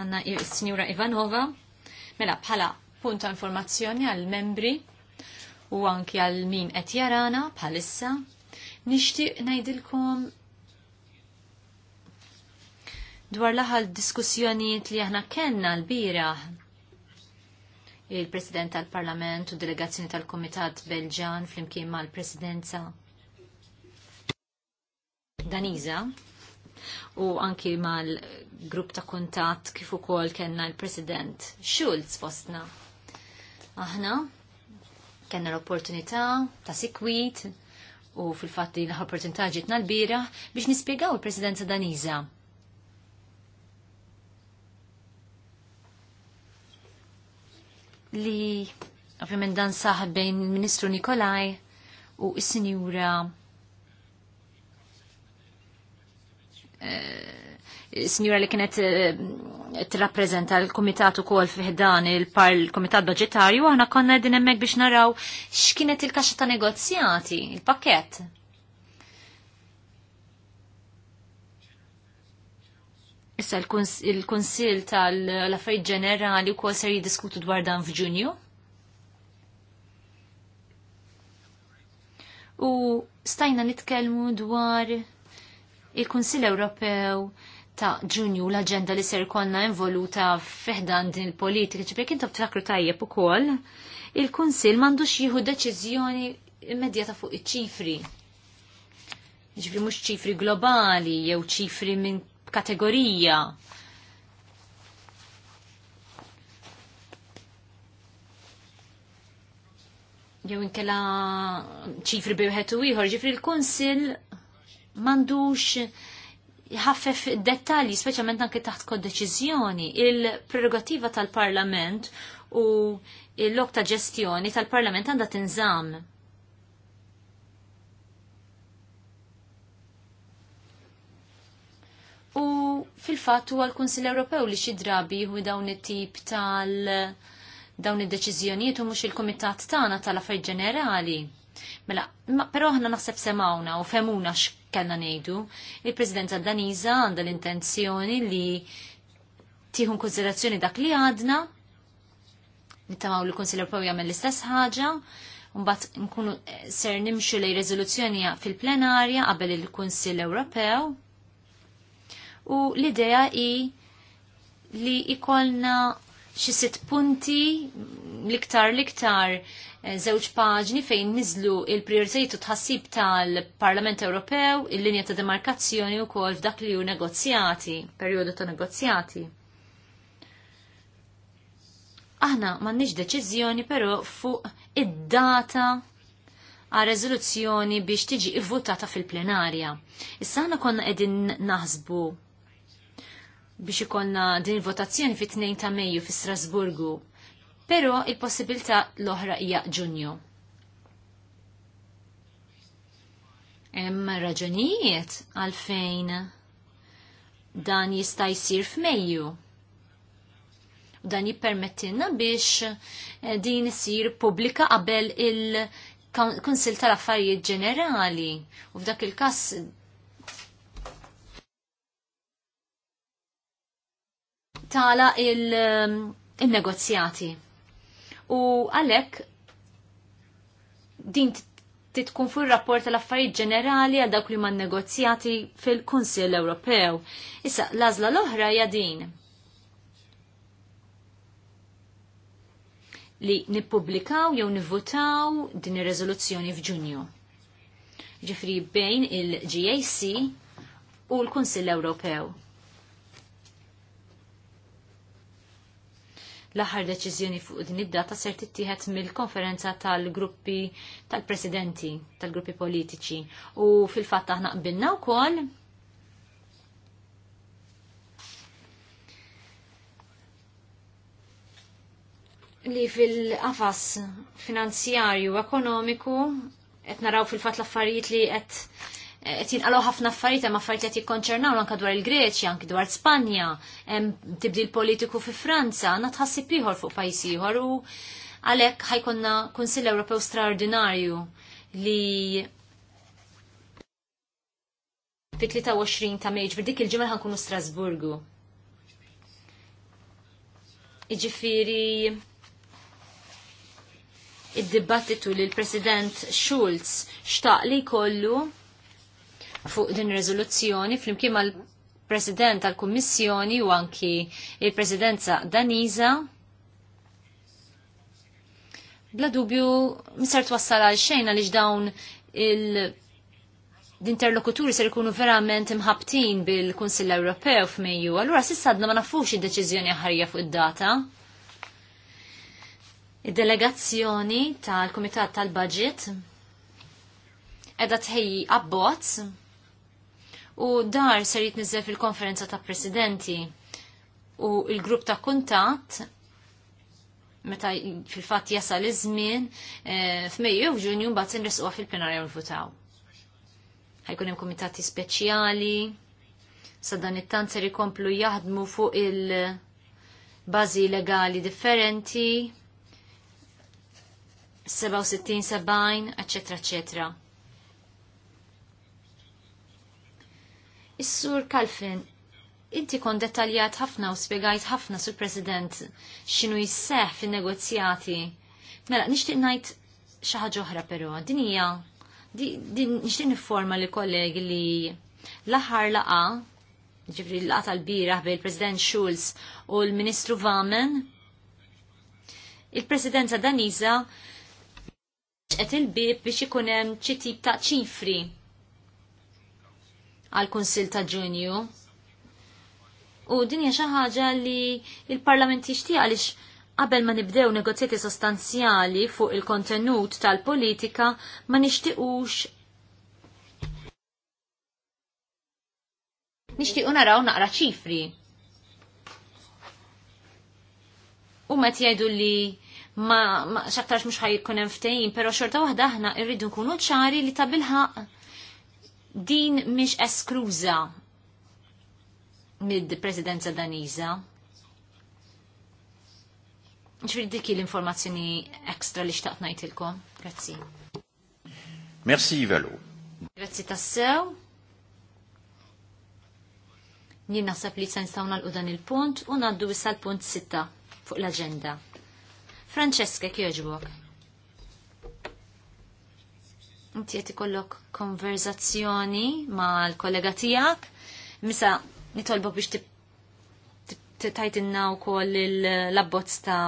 għanna il-Sinjura Ivanova, mela bħala punta informazzjoni għal-membri u anki għal-min qed jarana bħalissa, nixtieq ngħidilkom dwar l-aħħar diskussjonijiet li aħna kellna l-bieraħ il-President tal-Parlament u delegazzjoni tal-Komitat Belġan flimkien mal-Presidenza Daniza u anki mal-grupp ta' kontat kif ukoll kellna l-President Schulz fostna. Aħna kellna l-opportunità ta' sikwit u fil-fatt li l-opportunità ġitna l-bira biex nispjegaw il-Presidenza Daniża li ovvjament dan saħab bejn il-Ministru Nikolaj u s-Sinjura Eh, signora li kienet eh, t-rapprezenta l-komitatu kol fiħdan il-komitat budgetarju, għana konna din emmek biex naraw x'kienet il-kaxa ta' negozjati, il-pakket. Issa il-Konsil tal-Affarijiet Ġenerali wkoll ser jiddiskutu dwar dan f'Ġunju. U stajna nitkellmu dwar il-Kunsill Ewropew ta' ġunju l-agenda li ser konna involuta fiħdan din il-politika, ġibek intom tfakru tajjeb ukoll, il-Kunsil mandux jieħu deċiżjoni immedjata fuq iċ-ċifri. Ġifri mhux ċifri globali jew ċifri minn kategorija. Jew inkella ċifri bewħed u ieħor, ġifri l-Kunsil mandux ħaffef dettalji, speċjalment anke taħt kod deċizjoni il-prerogativa tal-Parlament u l lok ta' ġestjoni tal-Parlament għandha tinżamm. U fil-fatt huwa l-Kunsill Ewropew li xi drabi jieħu dawn it-tip tal- dawn id-deċiżjonijiet u mhux il-Kumitat tagħna tal-Affarijiet Ġenerali. Mela, però aħna naħseb semawna u femuna x'kellna ngħidu, il-Presidenza Daniża għandha l-intenzjoni li tieħu konsiderazzjoni dak li għadna, nittamaw li l-Konsil Ewropew jagħmel l-istess ħaġa, Mbagħad nkunu eh, ser nimxu lej rezoluzzjoni fil-plenarja qabel il-Kunsill Ewropew. U l-idea hi li ikolna xi sitt punti l-iktar l-iktar żewġ eh, paġni fejn niżlu il-prioritajiet u tħassib tal-Parlament Ewropew, il-linja ta' demarkazzjoni u kol f'dak li ju negozjati, periodu ta' negozjati. Aħna m'għandniex deċiżjoni però fuq id-data għal rezoluzzjoni biex tiġi votata fil-plenarja. Issa aħna konna qegħdin naħsbu biex ikonna din votazzjoni fit-2 ta' Mejju fi Strasburgu però il-possibilità l-oħra hija ġunju. Hemm raġunijiet għalfejn dan jista' jsir f'Mejju. U dan jippermettilna biex eh, din isir pubblika qabel il-Kunsil tal-Affarijiet Ġenerali u f'dak il-każ tala eh, il-negozjati. Il u għalhekk din titkun fuq rapport tal-affarijiet ġenerali għal dawk li man negozjati fil-Kunsill Ewropew. Issa, l-għażla l-oħra hija din. li nippubblikaw jew nivvutaw din ir-reżoluzzjoni f'Ġunju. Ġifri bejn il-GAC u l-Kunsill Ewropew. l-aħħar deċiżjoni fuq din id-data ser tittieħed mill-konferenza tal-gruppi tal-presidenti tal-gruppi politiċi. U fil-fatt aħna qbilna wkoll li fil-qafas finanzjarju ekonomiku qed naraw fil-fatt l-affarijiet li qed qed jinqalgħu ħafna affarijiet hemm affarijiet qed jikkonċernaw anke dwar il-Greċja, anke dwar Spanja, hemm tibdil politiku fi Franza, tħassib ieħor fuq pajjiż ieħor u għalhekk ħajkonna Kunsill Ewropew straordinarju li fit-23 ta' Mejġ, dik il-ġimgħa ħankunu Strasburgu. Iġifieri id-dibattitu li l-President Schulz xtaq li kollu fuq din rezoluzzjoni flimkien mal-President tal-Kummissjoni u anki il-Presidenza Daniza. Bla dubju misar twassal għal xejn għaliex dawn il- l-interlokuturi ser ikunu verament imħabtin bil-Kunsill Ewropew f'Mejju, allura sissadna ma nafux id-deċiżjoni ħarja fuq id-data. Id-delegazzjoni tal-Kumitat tal-Budget edha tħejji abbozz u dar ser jitnizzel fil-konferenza ta' presidenti u il-grupp ta' kuntat meta fil-fatt jasal iż-żmien eh, f'Mejju u Ġunju mbagħad nresquha fil-plenarja nfutaw. Ħajkun hemm kumitati speċjali sa dan it-tant ser ikomplu jaħdmu fuq il-bażi legali differenti 67, 70, eccetera, eccetera Is-sur Kalfin, inti kon dettaljat ħafna u spiegajt ħafna sur President xinu jisseħ fin negozjati Mela, nishtiq najt xaħġa oħra però, din hija din nixtieq nifforma li kollegi li l-aħħar laqa ġifri l-laqa tal-biraħ bejn il-President Schulz u l-Ministru Vamen, il-Presidenza Daniża qed il-bib biex ikun hemm ċi tip ta' ċifri għal konsil ta' ġunju. U din hija xi ħaġa li l-Parlament jixtieq għaliex qabel ma nibdew negozjati sostanzjali fuq il-kontenut tal-politika ma nixtiequx nixtiequ naraw naqra ċifri. U met jgħidu li ma, xaktarx mux ħajkun hemm ftehim, però xorta waħda aħna rridu nkunu ċari li ta' bilħaq din mhix eskluża mid-presidenza Daniża. Ġifri dik l-informazzjoni ekstra li xtaqt ngħidilkom. Grazzi. Merci Velo. Grazzi tassew. Jien naħseb li se nistgħu l dan il-punt u ngħaddu wisal l-punt sitta fuq l-aġenda. Francesca kjoġbok inti qed ikollok konverzazzjoni mal-kollega tiegħek, misa nitolbu biex tajtinna wkoll l-abbozz ta'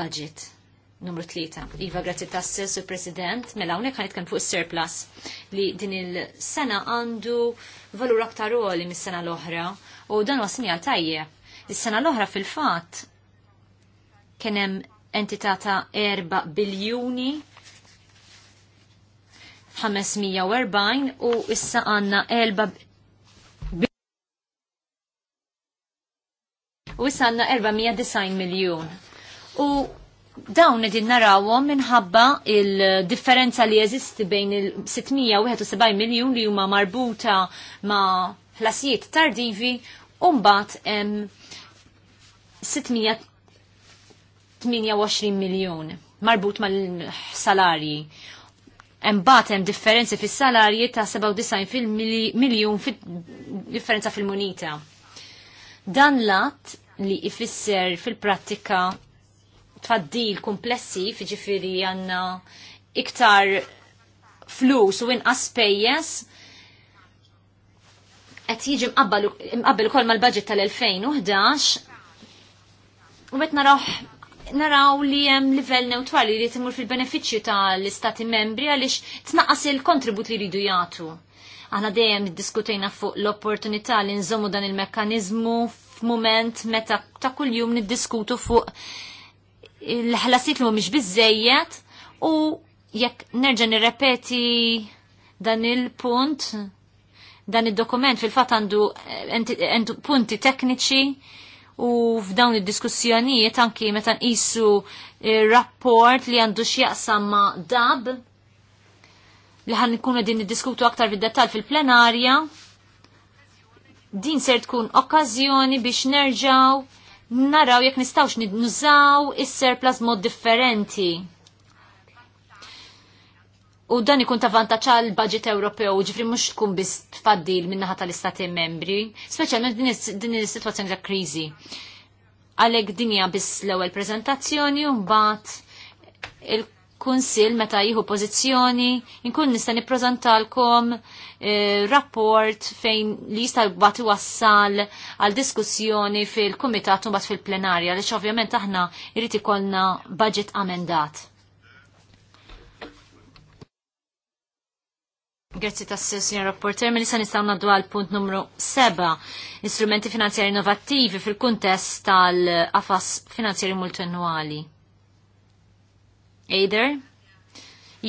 budget numru 3. Iva grazzi tassess u president, mela unek għan fuq surplus li din il-sena għandu valur aktar li mis-sena l-oħra u dan huwa sinjal tajjeb. Is-sena l-oħra fil-fatt kien hemm entità ta' 4 biljuni 540 u issa għanna elba u issa għanna 490 miljon. U dawn id narawhom minħabba il-differenza li jeżisti bejn il-671 miljun li huma marbuta ma' ħlasijiet tardivi u mbagħad 628 miljun marbut mal-salarji. Mbagħad hemm differenzi fis-salarji ta' 97 fil-miljun differenza fil-munita. Dan lat li ifisser fil-prattika tfaddil komplessi fiġifieri għandna iktar flus u inqas pejjeż qed jiġi mqabbel ukoll mal-budget tal-2011 u qed naraw naraw li hemm livell neutrali li timur fil-benefiċċju tal-istati membri għaliex tnaqqas il-kontribut li jridu jagħtu. Aħna dejjem diskutejna fuq l-opportunità li nżommu dan il-mekkaniżmu f'mument meta ta' kuljum niddiskutu fuq il ħlasit li mhumiex biżejjed u jekk nerġa' nirrepeti dan il-punt dan id-dokument fil-fatt għandu punti tekniċi u f'dawn id-diskussjonijiet anki meta nqisu rapport li għandu x'jaqsam ma' dab li ħan nkunu din niddiskutu aktar fid-dettall fil-plenarja. Din ser tkun okkażjoni biex nerġaw naraw jekk nistgħux nużaw is-serplas mod differenti U dan ikun ta' vantaċ għal budget Ewropew, ġifri mux tkun biss tfaddil minnaħa tal-istati membri, speċjalment din is-sitwazzjoni ta' kriżi. Għalhekk din hija biss l-ewwel prezentazzjoni un mbagħad il-Kunsill meta jieħu pożizzjoni inkun nista' nippreżentalkom eh, rapport fejn li jista' jbagħti wassal għal diskussjoni fil-kumitat u mbagħad fil-plenarja għaliex ovvjament aħna jrid ikollna budget amendat. Grazzi tassi, signor rapporteur. Melissa nistaw naddu għal punt numru 7. Instrumenti finanziari innovativi fil-kuntest tal afas finanzjari multiannuali. Eider?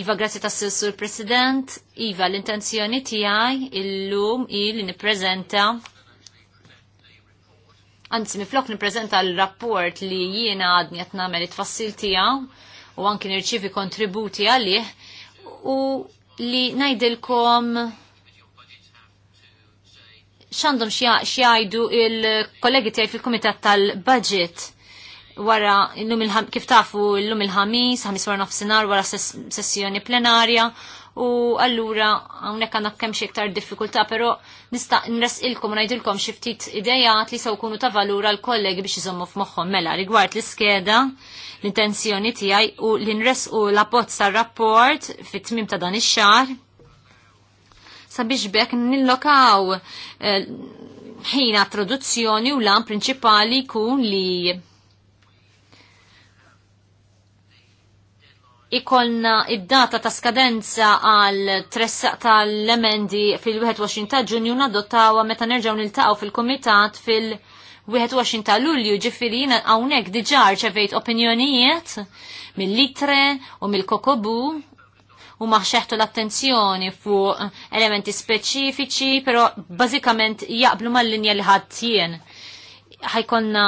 Iva, grazzi tassi, sur president. Iva, l-intenzjoni tijaj il-lum il niprezenta Anzi, miflok niprezenta l-rapport li jiena għadni għatnamel it-fassil tijaw u anki nirċivi kontributi għalih u li najdilkom xandom xjajdu il-kollegi tijaj fil-komitat tal-budget wara kif tafu l-lum il-ħamis, ħamis wara nafsinar, wara sessjoni plenarja, u allura hawnhekk għanna kem xi iktar diffikultà, però nista' nresqilkom u ngħidilkom xi ftit idejat li saw kunu ta' valura l-kollegi biex iżommu f'moħħhom mela rigward l-iskeda, l-intenzjoni tiegħi u li nresqu u abbozz tar-rapport fit-tmim ta' dan ix-xahar sabiex bekk nillokaw eh, ħina traduzzjoni u lan prinċipali kun li ikolna id-data ta' skadenza għal tressaq tal-emendi fil-21 ta' ġunju nadottawa meta nerġaw niltaqaw fil-komitat fil-21 ta' lulju ġifiri jina għawnek diġar ċevejt opinjonijiet mill-litre u mill-kokobu u maħxeħtu l-attenzjoni fuq elementi speċifiċi, pero bazikament jaqblu mal-linja li ħadd jien. ħajkonna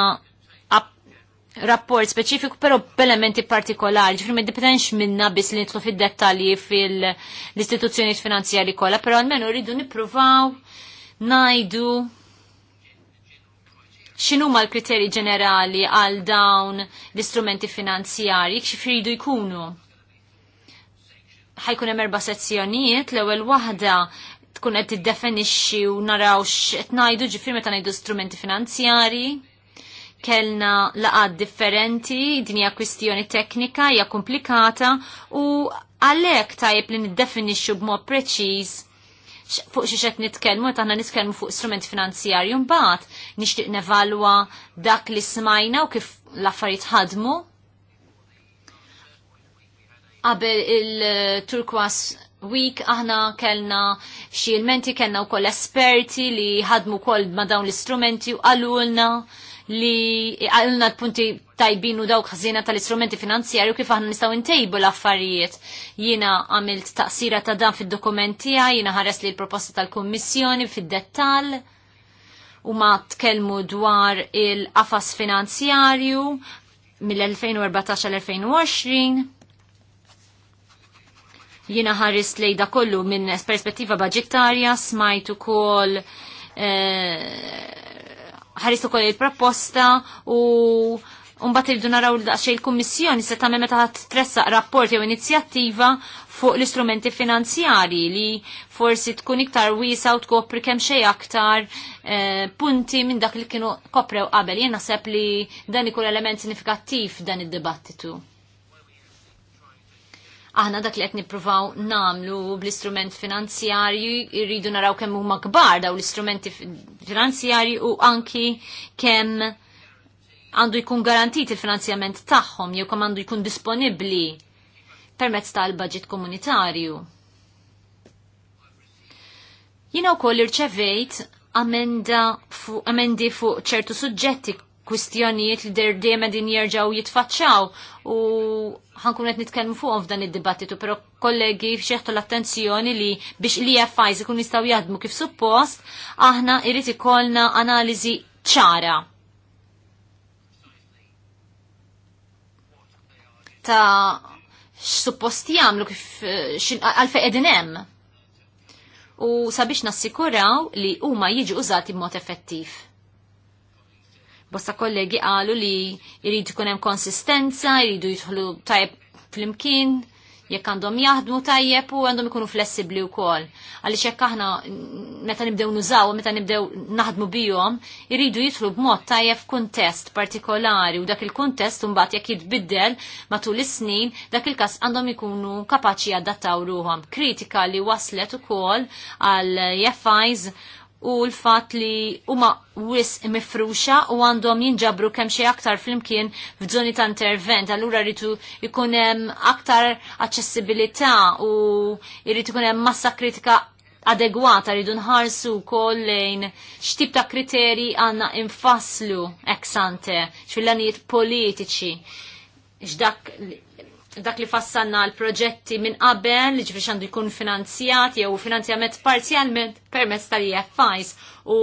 rapport speċifiku però b'elementi partikolari, ġifri ma dipendenx minna biss li nitlu fid-dettalji fil-istituzzjoni finanzjari kollha, però almenu rridu nippruvaw najdu xinu ma l-kriterji ġenerali għal dawn l-istrumenti finanzjari, rridu jkunu. Ħajkun hemm erba' sezzjonijiet, l-ewwel waħda tkun qed tiddefinixxi u naraw x'qed ngħidu ġifier meta ngħidu strumenti finanzjari kellna laqad differenti, din hija kwistjoni teknika, hija komplikata u għalhekk tajjeb li niddefinixxu b'mod preċiż fuq xi qed nitkellmu qed aħna nitkellmu fuq strument finanzjarju mbagħad nixtieq nevalwa dak li smajna u kif l-affarijiet ħadmu. Qabel il-Turkwas Week aħna kellna xi ilmenti kellna wkoll esperti li ħadmu wkoll ma' dawn l-istrumenti u qalulna li għalna punti tajbin u dawk ħazina tal-istrumenti finanzjari u kif aħna nistaw intejbu l-affarijiet. Jina għamilt taqsira ta' dan fil għaj, jina ħares li l-proposta tal-Kommissjoni fil-dettal u ma tkellmu dwar il-qafas finanzjarju mill-2014 l-2020. Jina ħares li da kollu minn perspettiva budgetarja smajtu kol eh, ħaris ukoll il-proposta u mbagħad irridu naraw li daqsxejn il-Kummissjoni se tagħmel meta tressaq rapport jew inizjattiva fuq l-istrumenti finanzjari li forsi tkun iktar wiesa u tkopri kemm xejn aktar eh, punti minn dak li kienu koprew qabel. Jien naħseb li dan ikun element sinifikattiv dan id-dibattitu aħna dak li qed nippruvaw namlu bl-istrument finanzjarju irridu naraw kemm huma kbar daw l-istrumenti finanzjarji u anki kemm għandu jkun garantit il-finanzjament tagħhom jew kemm għandu jkun disponibbli permezz tal-budget komunitarju. Jina u koll irċevejt amenda fu, amendi fuq ċertu suġġetti kwistjonijiet li der dejjem din jerġgħu jitfaċċaw u ħankun qed nitkellmu fuqhom f'dan id-dibattitu, però kollegi xieħtu l-attenzjoni li biex li e FIs ikun jistgħu jaħdmu kif suppost, aħna irid ikollna analiżi ċara. ta' x-suppost jamlu kif għalfe edin hemm. U sabiex nassikuraw li huma jiġu użati b'mod effettiv bosta kollegi qalu li jrid ikun hemm konsistenza, jridu jidħlu tajb flimkien, jekk għandhom jaħdmu tajjeb u għandhom ikunu flessibli wkoll. Għaliex jekk aħna meta nibdew nużaw, meta nibdew naħdmu bihom, jridu jidħlu b'mod tajjeb kuntest partikolari u dak il-kuntest mbagħad jekk jitbiddel matul is-snin, dak il-każ għandhom ikunu kapaċi jadattaw ruhom. Kritika li waslet ukoll għal FIs u l-fat li huma wis mifruxa u għandhom jinġabru kemm xi aktar flimkien f'żoni ta' intervent, allura rritu jkun hemm aktar aċċessibilità u jrid ikun hemm massa kritika adegwata rridu nħarsu wkoll lejn x'tip ta' kriteri għandna infasslu ex ante, xfil politiċi x'dak dak li fassanna l-proġetti minn qabel li ġifri għandu jkun finanzjati jew finanzjament parzjalment permezz tal-EFIs u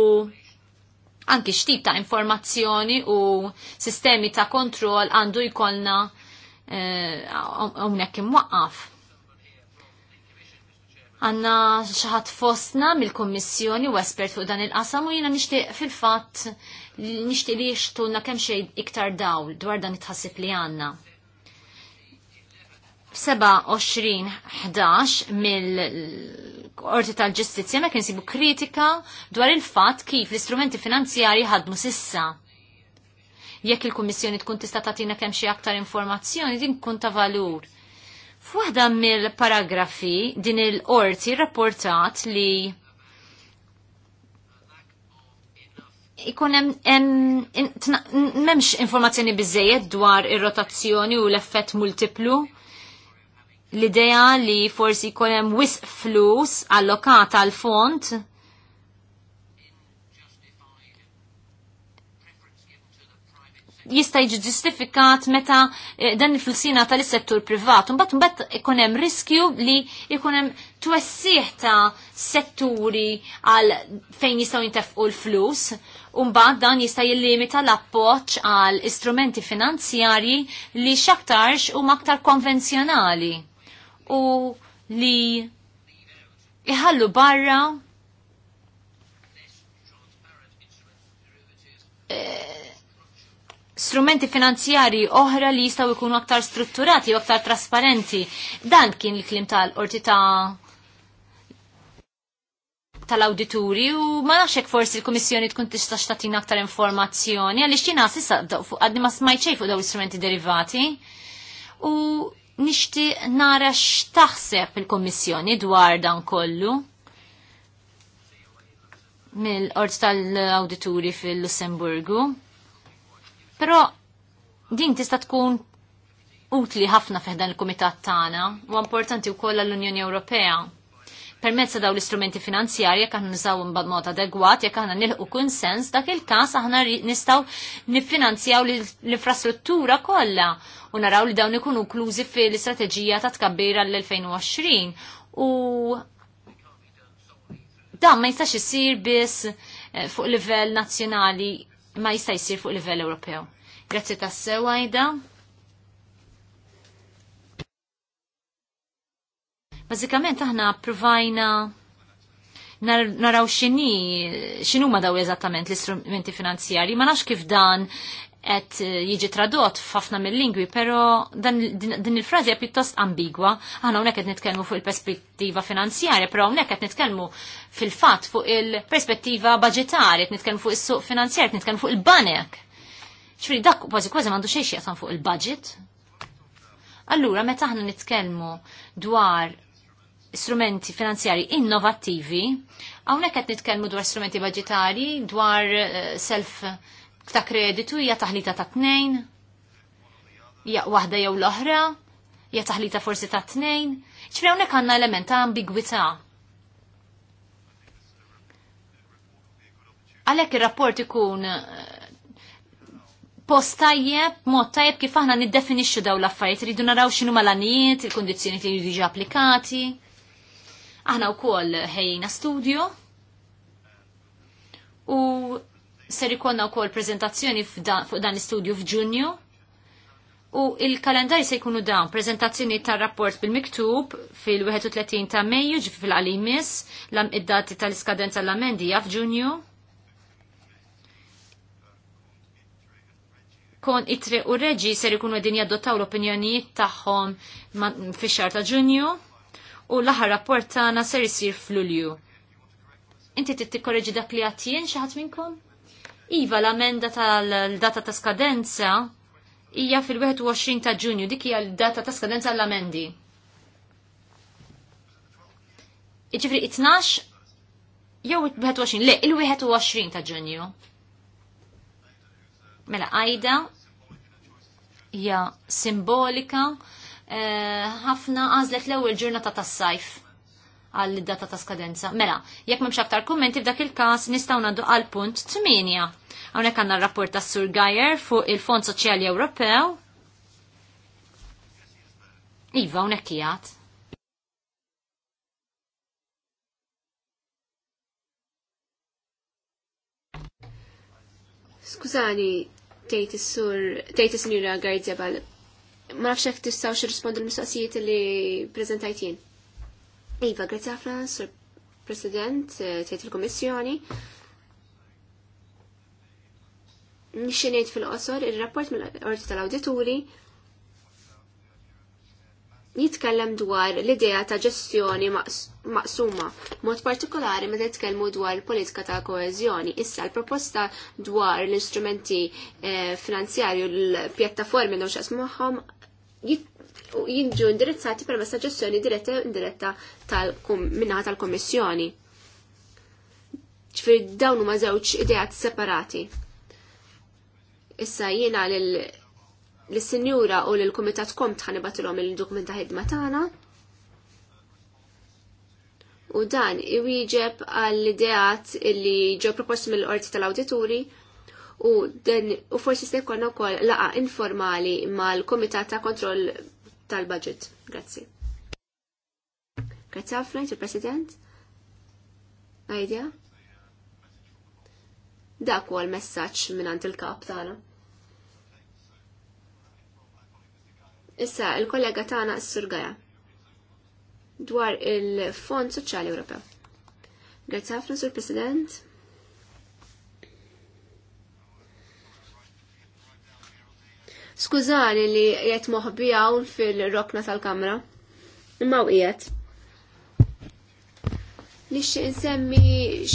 anki xtib ta' informazzjoni u sistemi ta' kontroll għandu jkollna eh, hawnhekk uh, imwaqqaf. Għanna xaħat fostna mill-Kommissjoni u espert fuq dan il-qasam u jena nishtiq fil-fat nishtiq li jixtulna kemm xejn iktar dawl dwar dan it-ħassib li għanna 27-11 mill-Qorti tal-Ġustizzja ma kien sibu kritika dwar il-fatt kif l-istrumenti finanzjari ħadmu sissa. Jekk il-Kummissjoni tkun tista' tagħtina kemm xi aktar informazzjoni din tkun ta' valur. F'waħda mill-paragrafi din il-qorti rapportat li ikun hemm memx informazzjoni biżejjed dwar ir-rotazzjoni u l-effett multiplu l-idea li forsi kolem wis flus allokata għal font jista' jiġi ġustifikat meta eh, dan il-flusina tal-settur privat. Mbagħad mbagħad ikun hemm riskju li ikun hemm ta' setturi għal fejn jistgħu jintefqu l-flus. u mbagħad dan jista' jillimita l-appoġġ għal istrumenti finanzjarji li x'aktarx huma aktar konvenzjonali u li iħallu barra eh, strumenti finanzjari oħra li jistaw ikunu aktar strutturati u aktar trasparenti. Dan kien il-klim tal-orti ta' tal-awdituri u ma naxek forsi l-Komissjoni tkun tista' xtatina aktar informazzjoni għaliex jiena sissa għaddi ma smajċej fuq daw l-istrumenti derivati. U nishti nara x'taħseb il-Kommissjoni dwar dan kollu mill-Qorz tal-Awdituri fil-Lussemburgu. Però din tista' tkun utli ħafna fiħdan il-Kumitat tagħna u importanti wkoll għall-Unjoni Ewropea Permezz daw l-istrumenti finanzjarji jekk aħna nisaw b'mod mod adegwat, jekk aħna nilħu kunsens, dak il-każ aħna nistgħu niffinanzjaw l-infrastruttura kollha u naraw li dawn ikunu klużi fil-istrateġija ta' tkabbira l-2020. U dan ma jistax isir biss eh, fuq livell nazzjonali, ma jista' jsir fuq livell Ewropew. Grazzi tas-sewajda. Bazzikament aħna provajna naraw xini, ma daw eżattament l-istrumenti finanzjari, ma nafx kif dan et jiġi tradot f'ħafna mill-lingwi, pero dan, din, din il-frazi pjuttost ambigwa. Aħna hawnhekk qed nitkellmu fuq il-perspettiva finanzjarja, però hawnhekk qed nitkellmu fil-fatt fuq il-perspettiva budġetarja, għed nitkelmu fuq is-suq finanzjarja, għed nitkelmu fuq il-banek. Ċfri dak kważi kważi m'għandu xejn xi fuq il-budget. Allura meta aħna nitkellmu dwar strumenti finanzjari innovattivi, għawnek għet nitkelmu dwar strumenti budgetari, dwar eh, self ta' kreditu, hija taħlita ta' tnejn, hija waħda jew l-oħra, hija taħlita forsi ta' tnejn, ċifri hawnhekk għandna element ta' ambigwità. Għalhekk ir-rapport ikun eh, post tajjeb, mod tajjeb kif aħna niddefinixxu dawn l-affarijiet, rridu naraw l malanijiet, il-kundizzjoni li jiġu applikati. Aħna wkoll ħejjina studio u ser ikonna wkoll preżentazzjoni fuq dan l-istudju f'Ġunju. U il-kalendari se jkunu dawn prezentazzjoni tar-rapport bil-miktub fil-31 ta' Mejju ġif fil-qalimis lam id-dati tal-iskadenza l-amendi f'Ġunju. Kon itre u reġi ser jkunu din jaddottaw l-opinjonijiet tagħhom fix-xar ta' Ġunju u l rapport tagħna ser jisir f'Lulju. Inti trid tikkoreġi dak li għad xaħat xi ħadd minnkom? Iva l-amenda tal-data ta' skadenza hija fil-21 ta' Ġunju, dik hija l-data ta' skadenza l-amendi. Iġifri 12 jew 21, le, il-21 ta' Ġunju. Mela għajda hija simbolika Eh, ħafna għażlet l-ewwel ġurnata tas-sajf għall data ta' skadenza. Mela, jekk m'hemmx aktar kummenti f'dak il-każ nistgħu ngħaddu għal punt 8. Hawnhekk għandna r-rapport tas Sur Gajer fuq il-Fond Soċjali Ewropew. Iva, hawnhekk qiegħed. Skużani, tejt is-sur, tejt is-sinjura Gardja ma nafx jekk tistgħu xi rispondi l-mistoqsijiet li ppreżentajt jien. Iva, grazzi ħafna, Sur President, eh, tgħid il-Kummissjoni. Nixxinejt fil-qosor ir-rapport mill-Qorti tal-Awdituri jitkellem dwar l-idea ta' ġestjoni maqsuma, mod partikolari meta jitkellmu dwar il-politika ta' koeżjoni. Issa l-proposta dwar l-istrumenti eh, finanzjarju l-pjattaformi nux magħhom jinġu indirizzati per messa ġessjoni diretta u indiretta minnaħa tal-Kommissjoni. ċfir dawn huma żewġ ideat separati. Issa jiena l-Sinjura u l-Kumitat Komt batilom il-dokumenta ħidma tagħna. U dan iwieġeb għall-ideat illi ġew proposti mill-qorti tal-awdituri u, den, u forsi se jkollna wkoll laqa informali mal-Kumitat ta' Kontroll tal-Budget. Grazzi. Grazzi ħafna, il-President. Idea? Dak huwa l-messaġġ minn il-kap tagħna. Issa, il-kollega tagħna s-surgaja dwar il-Fond Soċjali Ewropew. Grazzi ħafna, Sur President. Skużani li jett moħbi hawn fil-rokna tal-kamra. Imma u qiegħed. Nixi insemmi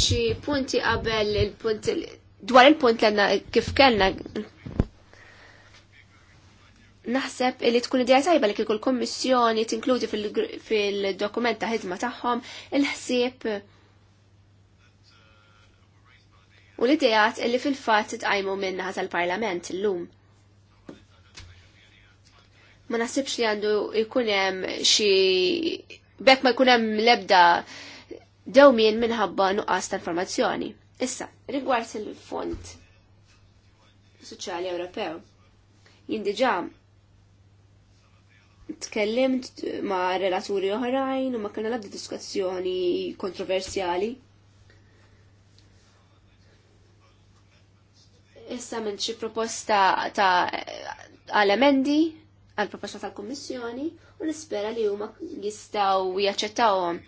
xi punti qabel il-punt dwar il-punt l kif kellna naħseb li tkun idea tajba li kieku l-kommissjoni tinkludi fil-dokument ta' ħidma tagħhom il-ħsieb u l-idejat li fil-fatt tqajmu minnaħa tal-Parlament illum ma nasibx li għandu jkun hemm xi bekk ma jkun hemm l-ebda dewmien minħabba nuqqas ta' informazzjoni. Issa, rigward il-Fond Soċjali Ewropew, jien diġà tkellimt ma' relaturi oħrajn u ma kellna l diskussjoni kontroversjali. Issa minn xi proposta ta' għal emendi għal proposta tal-Kommissjoni u nispera li huma jistgħu jaċċettawhom.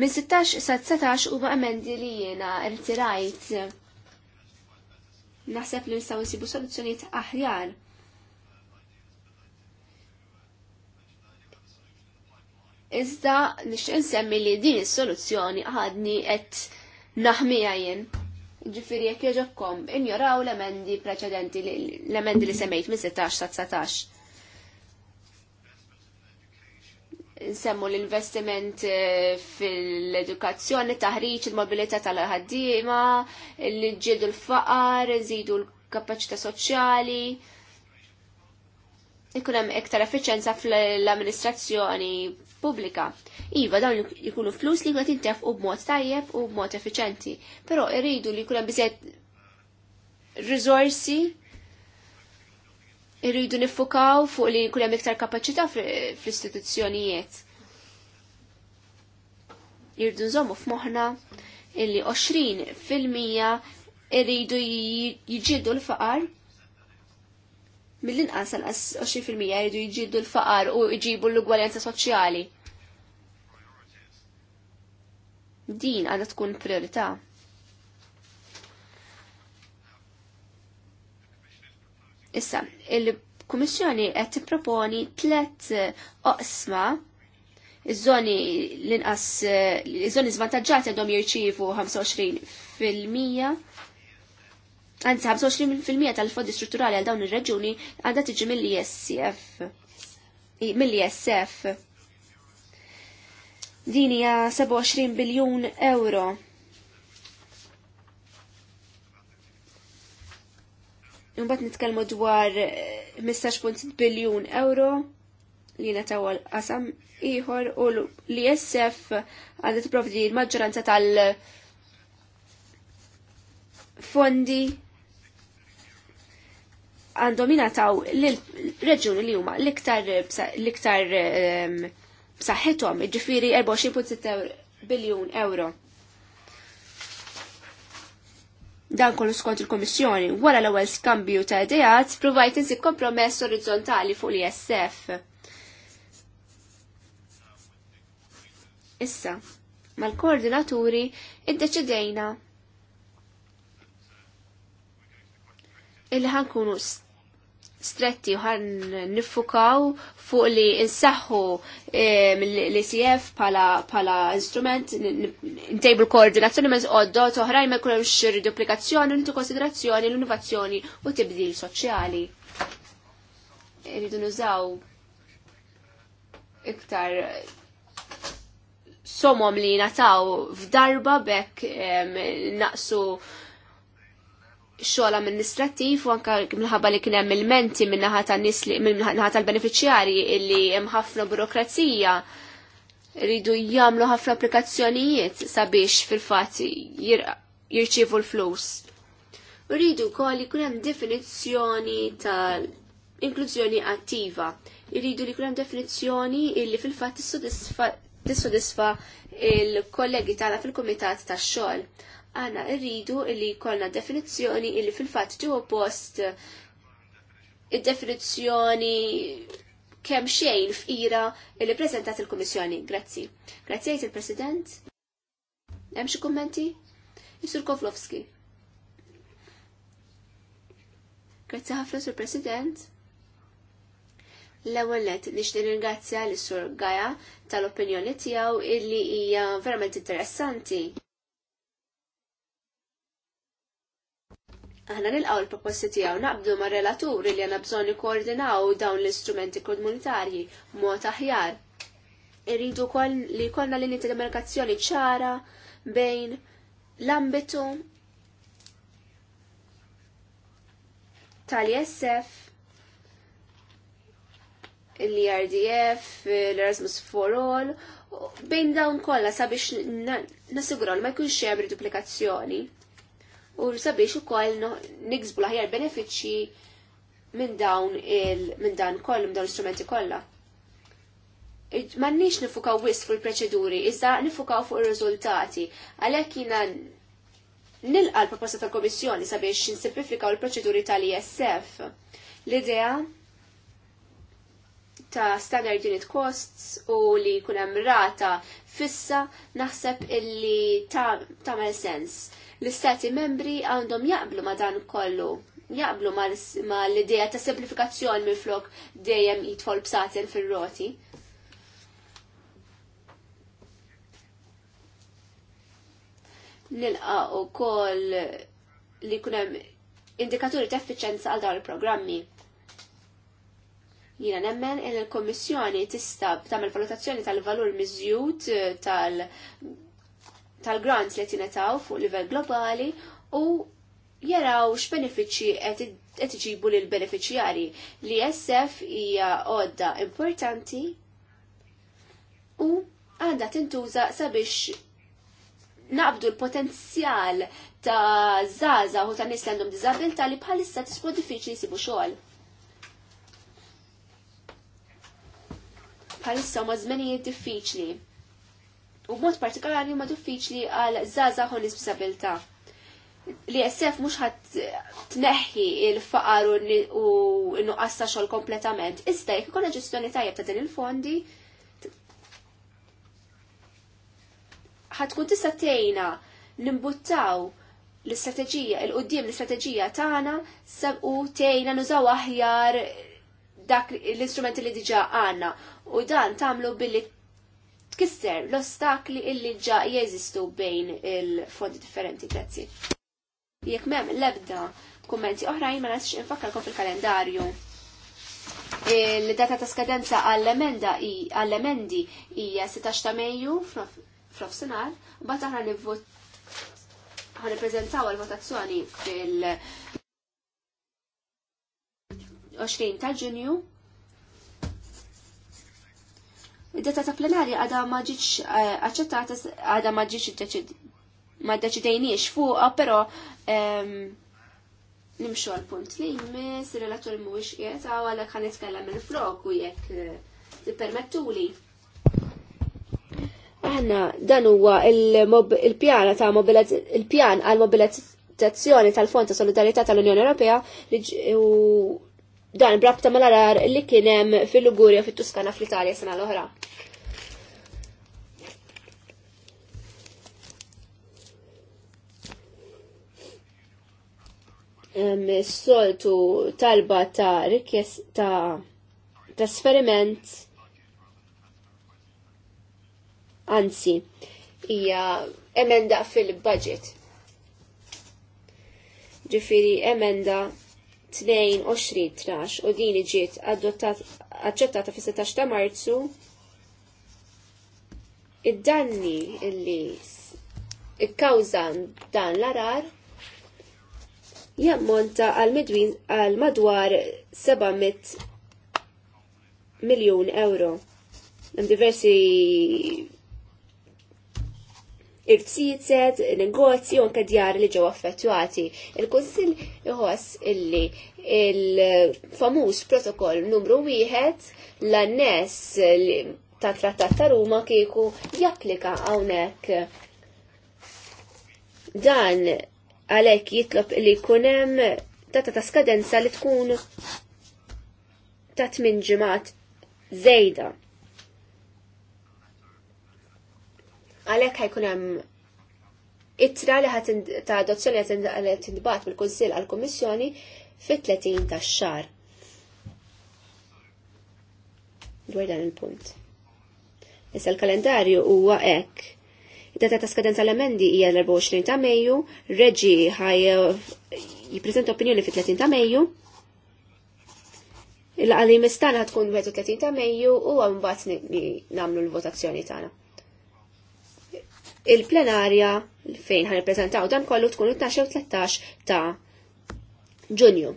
Minn 16 sa 19 huma emendi li jiena rtirajt. Naħseb li nistgħu nsibu soluzzjonijiet aħjar. Iżda nixtieq insemmi li din is-soluzzjoni għadni qed naħmija jien. Ġifiri, jek jġokkom, ignoraw l-emendi preċedenti, l-emendi li semmejt minn 16 sa 19. Nsemmu l-investiment eh, fil-edukazzjoni, taħriġ, il-mobilità tal-ħaddiema, l-ġidu l-faqar, zidu l kapacita soċjali, ikun hemm iktar effiċenza fl-amministrazzjoni pubblika. Iva dawn jikunu flus li u b b'mod tajjeb u b'mod effiċenti, però irridu li jkun hemm rizorsi, risorsi irridu nifukaw fuq li jkun hemm iktar kapaċità fl-istituzzjonijiet. Irridu nżommu f'moħħna illi 20 fil-mija irridu jġiddu l-faqar mill-inqas għal-qas 20% jridu jġiddu l-faqar u jġibu l-ugwaljanza soċjali. Din għadha tkun priorità. Issa, il-Kummissjoni qed tipproponi tliet eh, oqsma iż-żoni l-inqas eh, iż-żoni żvantaġġati għandhom jirċievu 25 fil-mija Għanzi 25% tal-fondi strutturali għal dawn ir-reġuni għandha tiġi mill-ISF. Mill-ISF. Din hija 27 biljun euro. Imbagħad nitkellmu dwar 15.6 eh, biljun euro li nataw qasam ieħor u l-ISF għandha tipprovdi l-maġġoranza tal- fondi għandhom jingħataw l-reġjuni li huma l-iktar l-iktar ehm, b'saħħithom, jiġifieri 24.6 biljun euro. Dan kollu skont il-Komissjoni, wara l-ewwel skambju ta' ideat, provajt insib kompromess orizzontali fuq l-ISF. Issa, mal-koordinaturi iddeċidejna illi ħankunu stretti u ħan nifukaw fuq li nsaħħu eh, l-ICF pala instrument, n-table koordinazzjoni mezz oddot oħrajn ma jkun hemm riduplikazzjoni u konsiderazzjoni l-innovazzjoni u tibdil soċjali. Irridu nużaw iktar somom li nataw f'darba bekk naqsu xogħol amministrattiv u anka minħabba li kien hemm il-menti minnaħa tan tal-benefiċjarji illi hemm ħafna burokrazija rridu jagħmlu ħafna applikazzjonijiet sabiex fil-fatt jirċievu l-flus. Rridu wkoll jkun hemm definizzjoni tal-inklużjoni attiva. Rridu li jkun hemm definizzjoni illi fil-fatt tissodisfa il-kollegi tagħna fil-kumitat tax-xogħol għana rridu illi kolna definizzjoni illi fil-fat tu post id-definizzjoni kemm xejn f'ira li prezentat il-Kummissjoni. Grazzi. Grazzi għajt il-President. Hemm xi kummenti? Isur Koflowski. Grazzi ħafna sur President. L-ewwel nett nixtieq ringrazzja lis sur Gaja tal-opinjoni tiegħu illi hija verament interessanti. Aħna nilqaw il-proposti tiegħu naqbdu ma' relaturi li għandna bżonn ikkoordinaw dawn l-istrumenti komunitarji mod aħjar. Irridu wkoll li jkollna linji ta' demarkazzjoni ċara bejn l-ambitu tal-ISF l-IRDF, l-Erasmus for All, bejn dawn kollha sabiex nasiguraw li ma jkunx hemm duplikazzjoni u sabiex ukoll niksbu l-aħjar benefiċċji minn dawn il minn dan kollu minn dawn l-istrumenti kollha. M'għandniex nifukaw wisq fuq il-proċeduri, iżda nifukaw fuq ir-riżultati. Għalhekk jiena nilqa l-proposta tal-Komissjoni sabiex nsimplifikaw il-proċeduri tal-ISF. L-idea ta' standard unit costs u li jkun hemm rata fissa naħseb illi tagħmel ta sens l-istati membri għandhom jaqblu ma dan kollu jaqblu ma l-ideja ta' semplifikazzjoni minn flok dejjem jitfol b'saten fil-roti. Nilqa u koll li kunem indikaturi ta' effiċenza għal dawn il-programmi. Jina nemmen il komissjoni tista' tagħmel valutazzjoni tal-valur miżjud tal-, tal-grants li tinetaw fuq livell globali u jaraw x'benefiċċji qed iġibu l benefiċjarji li SF hija għodda importanti u għandha tintuża sabiex naqbdu l-potenzjal ta' zaza u ta' nis għandhom dizabilta li bħalissa tisbu diffiċli jisibu xogħol. Bħalissa ma' żmenijiet diffiċli u mod partikolari huma diffiċli għal żgħażagħ u nies Li SF mhux ħadd tneħħi l-faqar u n-nuqqas ta' xogħol kompletament. Iżda jekk ikollha ġestjoni tajjeb ta' din il-fondi, ħatkun tista' tgħinna nimbuttaw l-istrateġija, il-qoddim l-istrateġija tagħna u tgħinna nużaw aħjar dak l-istrumenti li diġà għandna u dan tagħmlu billi Kisser l-ostakli illi ġa jeżistu bejn il-fondi differenti. prezzi. Jekk mem lebda kummenti oħrajn ma nasix infakkarkom fil-kalendarju. Il-data ta' skadenza għall-emendi hija 16 ta' Mejju f'nofsinhar, mbagħad aħna nivvot ħanippreżentaw il votazzjoni fil- 20 ta' Ġunju id-data ta' plenarja għada ma għacċettata eh, aċċettata għada maġiċ ma deċidejniex fuqa, pero ehm, nimxu għal-punt li jmiss, relatur mux jiet, għaw għal għan itkellem il-frok u jekk eh, t-permettu li. Aħna dan huwa il-pjan ta' il-pjan għal mobilizzazzjoni tal-Fond ta' Solidarietà tal-Unjoni Ewropea u dan brabta mal-arar li kienem fil-Lugurja fit-Tuskana fl-Italja sena l-oħra. soltu talba ta' rikjes ta' trasferiment anzi hija emenda fil-budget ġifiri emenda 22 13 u din ġiet aċċettata fis-16 ta' Marzu id-danni illi ikkawżan dan l-arar jammonta għal madwar 700 miljon euro. Hemm diversi il-bsited, irtiset, negozji u anke djar li ġew affettwati. Il-Kunsill iħoss illi il-famuż protokoll numru wieħed l-annes ta' trattat ta' Ruma kieku japplika hawnhekk dan għalhekk jitlob li jkun hemm data ta' skadenza li tkun ta' tmin ġimgħat zejda. Għalhekk ħajkun hemm ittra li ħat ta' adozzjoni li tindbat mill-Kunsill għall-Kummissjoni fit-30 tax-xar. Dwar dan il-punt. Issa l-kalendarju huwa hekk. data ta' skadenza l-emendi hija l-24 ta' Mejju, Reġi ħaj eh, jippreżenta opinjoni fit-30 ta' Mejju, il qalim istana tkun 31 ta' Mejju u mbagħad nagħmlu l-votazzjoni tagħna il-plenarja fejn ħan prezentaw dan kollu tkun 12 u 13 ta' ġunju.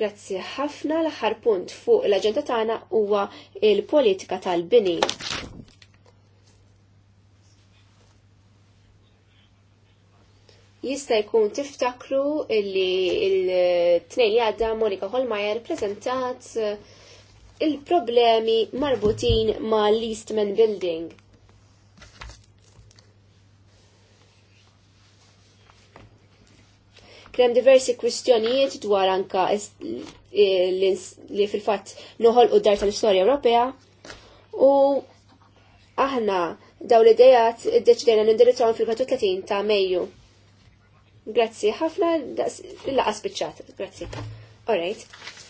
Grazzi ħafna l-aħħar punt fuq l-aġenda tagħna huwa il-politika tal-bini. Jista' jkun tiftakru illi il-tnejn għadda Monika Holmajer prezentat il-problemi marbutin ma' l-Eastman Building Krem diversi kwistjonijiet dwar anka li fil-fatt noħol u dar tal-istorja Ewropea u aħna daw l-idejat id n-indirizzaw fil 30 ta' Mejju. Grazzi ħafna, l laqas biċċat. Grazzi. All right.